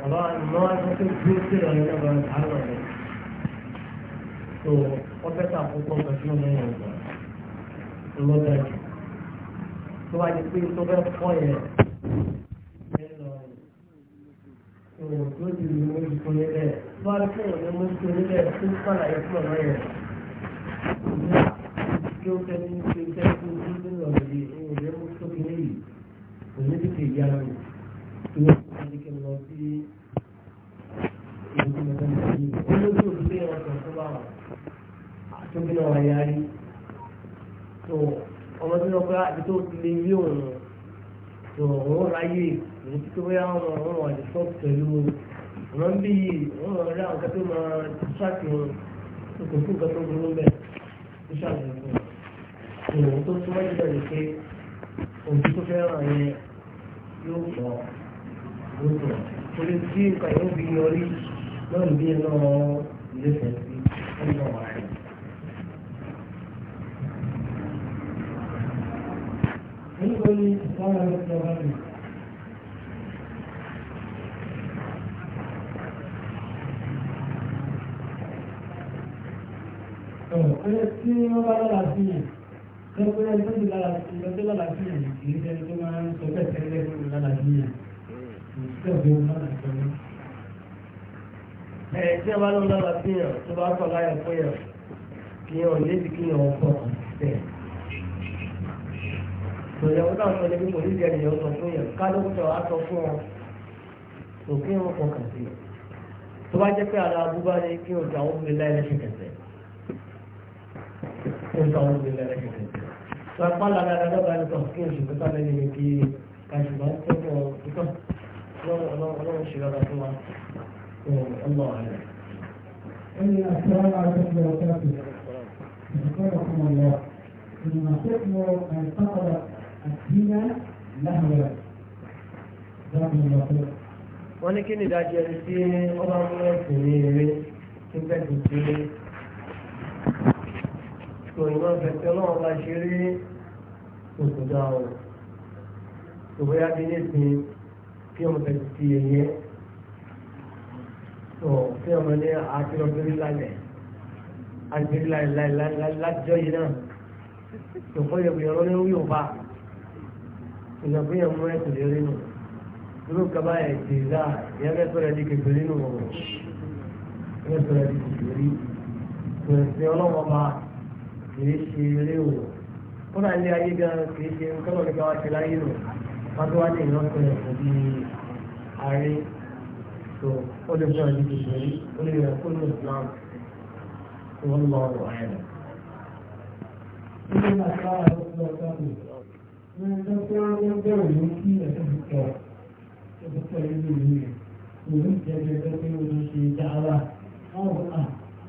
tó àbá mọ́ ẹgbẹ́ tó dúró sí ìrọ̀lẹ́ náà lọ́wọ́ àárọ̀ rẹ̀ tó wọ́n fẹ́ sàkókò pẹ̀lú ọmọ ẹ̀yìn ọ̀gbà ńlọ́dà jù tó wá di pé tó fẹ́ fọ́ yẹn lọ́rùn tó di ìlú tó nílẹ̀ tó wá fún ìlú mú tó nílẹ̀ tó sàlàyé fún ọ̀rọ̀ yẹn kí ó fẹ́ ní kí ó fẹ́ kú. Germany. Ìyẹn ti sọ ní kí n lọ sí ìlú tí mo fẹ́ lọ sí. Ó ló bí òbí lè ọkọ̀ tó bá wà. Àtúndì náà wáyé rí. Tó ọmọ tí wọ́n pẹ́ àti tó ti lè rí òun. Tó òun ráyè òun ti tó bóyá wọn wọn wà ní sọ́ọ̀tù pẹ̀lú wọn tó fẹ́ràn yẹn yóò pọ̀ yóò pọ̀ torí tí nǹkan fi yọrí náà ní bí náà sí ọ̀nà àárẹ̀. Níbo ni ìfọwọ́ ọ̀sẹ̀ wà ní? Ọ̀rọ̀ tí wọ́n bá lọ́la sí lẹ́gbẹ̀rẹ́ tó ti lára ìgbẹ́tẹ́ lára sí yẹn kìí ṣe tó máa ń sọ bẹ́ẹ̀ tẹ́lẹ̀ fún lára sí yẹn kò sí ọ̀gbẹ́ lára sí yẹn. ẹ̀ tí a bá lọ lára sí yẹn tó bá kọ̀ láyọ̀ fún yẹn kí yẹn ò ní ti kí yẹn ọkọ̀ tẹ̀. ìròyìn náà sọ níbi pòlíṣì ẹnìyàn sọ fún yẹn kálókùtọ̀ á sọ fún ọ kò kí yẹn ọkọ̀ kà sí. tó bá jẹ́ pé ara abúgbá ni kí yẹn ò sọpá lára ẹgbẹ́ta ẹni kan kí oṣù pẹ́ta lẹ́yìn rẹ̀ kí kàṣùmọ́ tẹ́tọ̀ púpọ̀ ọlọ́run ṣe rárá fún wa ọlọ́ ààrẹ. ẹni àtàrà àtàkùn ọ̀gá ti ẹ̀kọ́ ọ̀kan ọ̀lọ́ ìrìnà tẹ́kọ̀ọ́ àìsàkọ̀ọ́ àdínà láàrẹ̀ dábìlì ọ̀fẹ́. wọ́n ní kí ni ìdájọ́ ẹni tí ọba mú ẹ̀sìn ní eré tó fẹ́ẹ́ tó ṣeré. kò ní wọ́n fẹ́ ọlọ́run bá ṣeré oṣù dá o ìwé adílé sí kí ọmọ tẹ̀sí sí ẹyẹ tó kí ọmọ ní akérọ̀bẹ̀rẹ̀ lálẹ́ akérọ̀bẹ̀rẹ̀ lájọ́ yìí náà tó kọ́ ìyẹ̀wò ìyọ̀rọ̀ ní orí òbá ìyẹ̀wò ìyẹ̀wò mú ẹ̀sùn lé rí nù irú kaba ẹ̀ ti dá ìyẹn bẹ́ẹ̀ sọ̀rọ̀ ẹ̀dí kékeré nù wọ̀ ìyẹn sọ̀rọ̀ ẹ̀dí kékeré tòun ẹ̀sìn ọlọ́wọ́ máa kódà ilé ayé gan kì í ṣe kọ́lọ̀ nípa wá ṣe láyé nù wọ́n ní ìrọ́pẹ̀lẹ̀ fún ààrẹ tó ó lè fún ẹni tuntun yìí ó lè rẹ̀ fún Islam tó wọ́n lọ ọ̀rọ̀ ayé rẹ̀. Ilé àṣà àwọn ọ̀sán ọ̀sán mi, wọ́n ń dọ́kọ́ ní kí ẹ̀sẹ̀ fi kọ̀ ẹ̀sẹ̀ pẹ̀lú ìlú rẹ̀. Òun jẹ́ jẹ́ pé ó ti ṣe dáadáa. Wọ́n wọ́n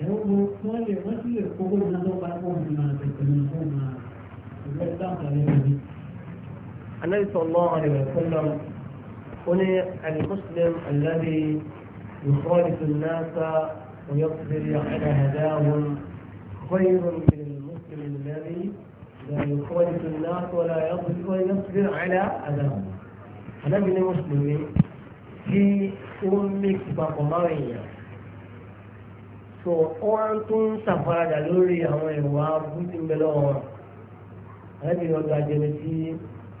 النبي صلى الله عليه وسلم قل المسلم الذي يخالف الناس ويصبر على هداهم خير من المسلم الذي لا يخالف الناس ولا يصبر على هداهم هذا من المسلمين في أمك بقمارية sọ ọ́n tó ń ṣàfaradà lórí àwọn ìwà bútí ń bẹ lọ́wọ́ wọn arábìnrin ọgbà jẹni tí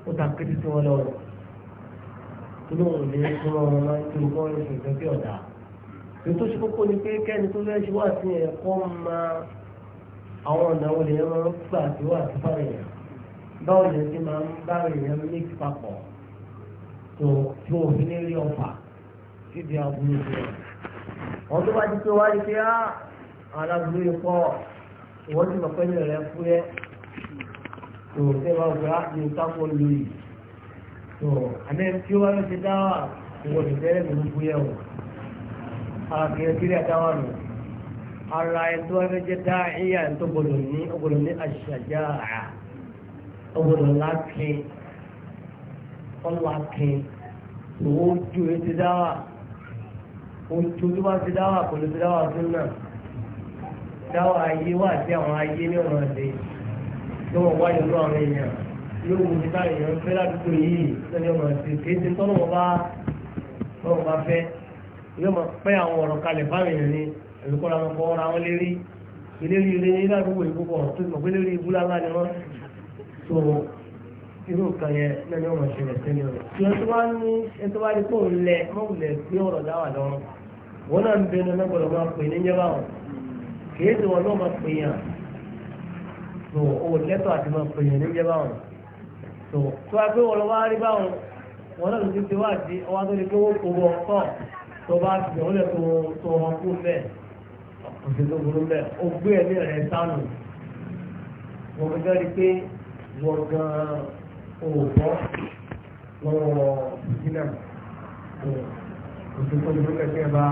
ó ta kété sí wọn lọ́wọ́ tó lóun lè fún wọn wọn máa ń tó kọ́ ẹ̀sìn ìtọ́jú ọ̀dà èyí tó kókó ni pé kẹ́ni tó fẹ́ ṣe wá sí ẹ̀kọ́ máa àwọn ọ̀nà wo lèyàn máa ń gbà tí wà sí fáwọn èèyàn báwo lèyàn ti máa ń bá èèyàn méjì papọ̀ tó tó òfin ní rí ọ̀fà síbi àbúrò rẹ̀ wọ́n tó bá ti tó wáyé pé á ah, alágbó ikọ́ ìwọ́n ti mọ̀ pẹ́lú rẹ̀ fún yẹ tó ṣe máa gbé ápì kápọ̀ lóyè tó àmì tí ó wáyé ti dá wà ìwọ̀n ti tẹ́lẹ̀ mi fún yẹ o ara kìí kiri àdáwà nù ara ẹ̀ tó wáyé jẹ́ dá ìyá ẹ̀ tó gbọdọ̀ ní ọgbọdọ̀ ní àṣàjá ọgbọdọ̀ lákin ọlákin tó ó ju etí dá ojú tó bá ti dáwà kò lè fi dáwà tó náà dáwà ayé wà sí àwọn ayé ní ọ̀nà ọ̀dẹ́ tí wọ́n wáyé lọ àwọn èèyàn yóò wù mí táyà èèyàn fẹ́ ládùúgbò yìí lọ́dẹ ọ̀nà ọ̀dẹ́ kì í ti tọ́nà wọn bá tọ́nà bá fẹ́ yóò máa pẹ́ àwọn ọ̀rọ̀ kalẹ̀ báwọn èèyàn ni ẹ̀lùkọ́ la máa kọ́ ra wọn lérí ìlérí ilé ní ládùúgbò yìí púpọ̀ tó ti mọ̀ pé lérí ibú lálá ni wọ́n so irú nǹkan yẹn lẹ́ni ọ̀nà ìṣẹ̀lẹ̀ sẹ́ni ọ̀rọ̀ tí wọ́n tó wọn náà ń bẹnu náà gbọ́dọ̀ máa pè ní yẹba wọn kìí ṣe wọn náà máa pè yàn tó o lẹ́tọ̀ àti máa pè yàn ní yẹba wọn tó tó a pé wọn lọ wá rí báwọn wọn náà ti ti wá àti ọwọ́ tó lè kó wọn kó wọn kọ́ tó bá ti wọn lè tó tó wọn kú bẹ́ẹ̀ òṣèlú tó burú bẹ́ẹ̀ o gbé ẹ̀mí rẹ̀ sánù wọn gbé rí pé wọn gan-an bọ́ lọ́wọ́ sílẹ̀ oṣù tó ń dúpẹ́ kí ẹ bá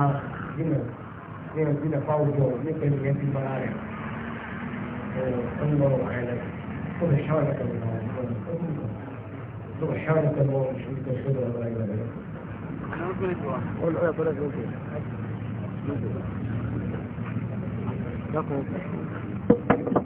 jìnà kí ẹ jìnà fáwùjọ nípa ìyẹn ti bá rẹ̀ ọ̀nà àìlẹ̀ tó lè ṣáàlẹ̀ kan nà tó lè ṣáàlẹ̀ kan nà oṣù tó ṣe lọ rẹ̀ rẹ̀. Olùkọ́ ẹ̀kọ́ rẹ̀ ló ń bẹ̀rẹ̀.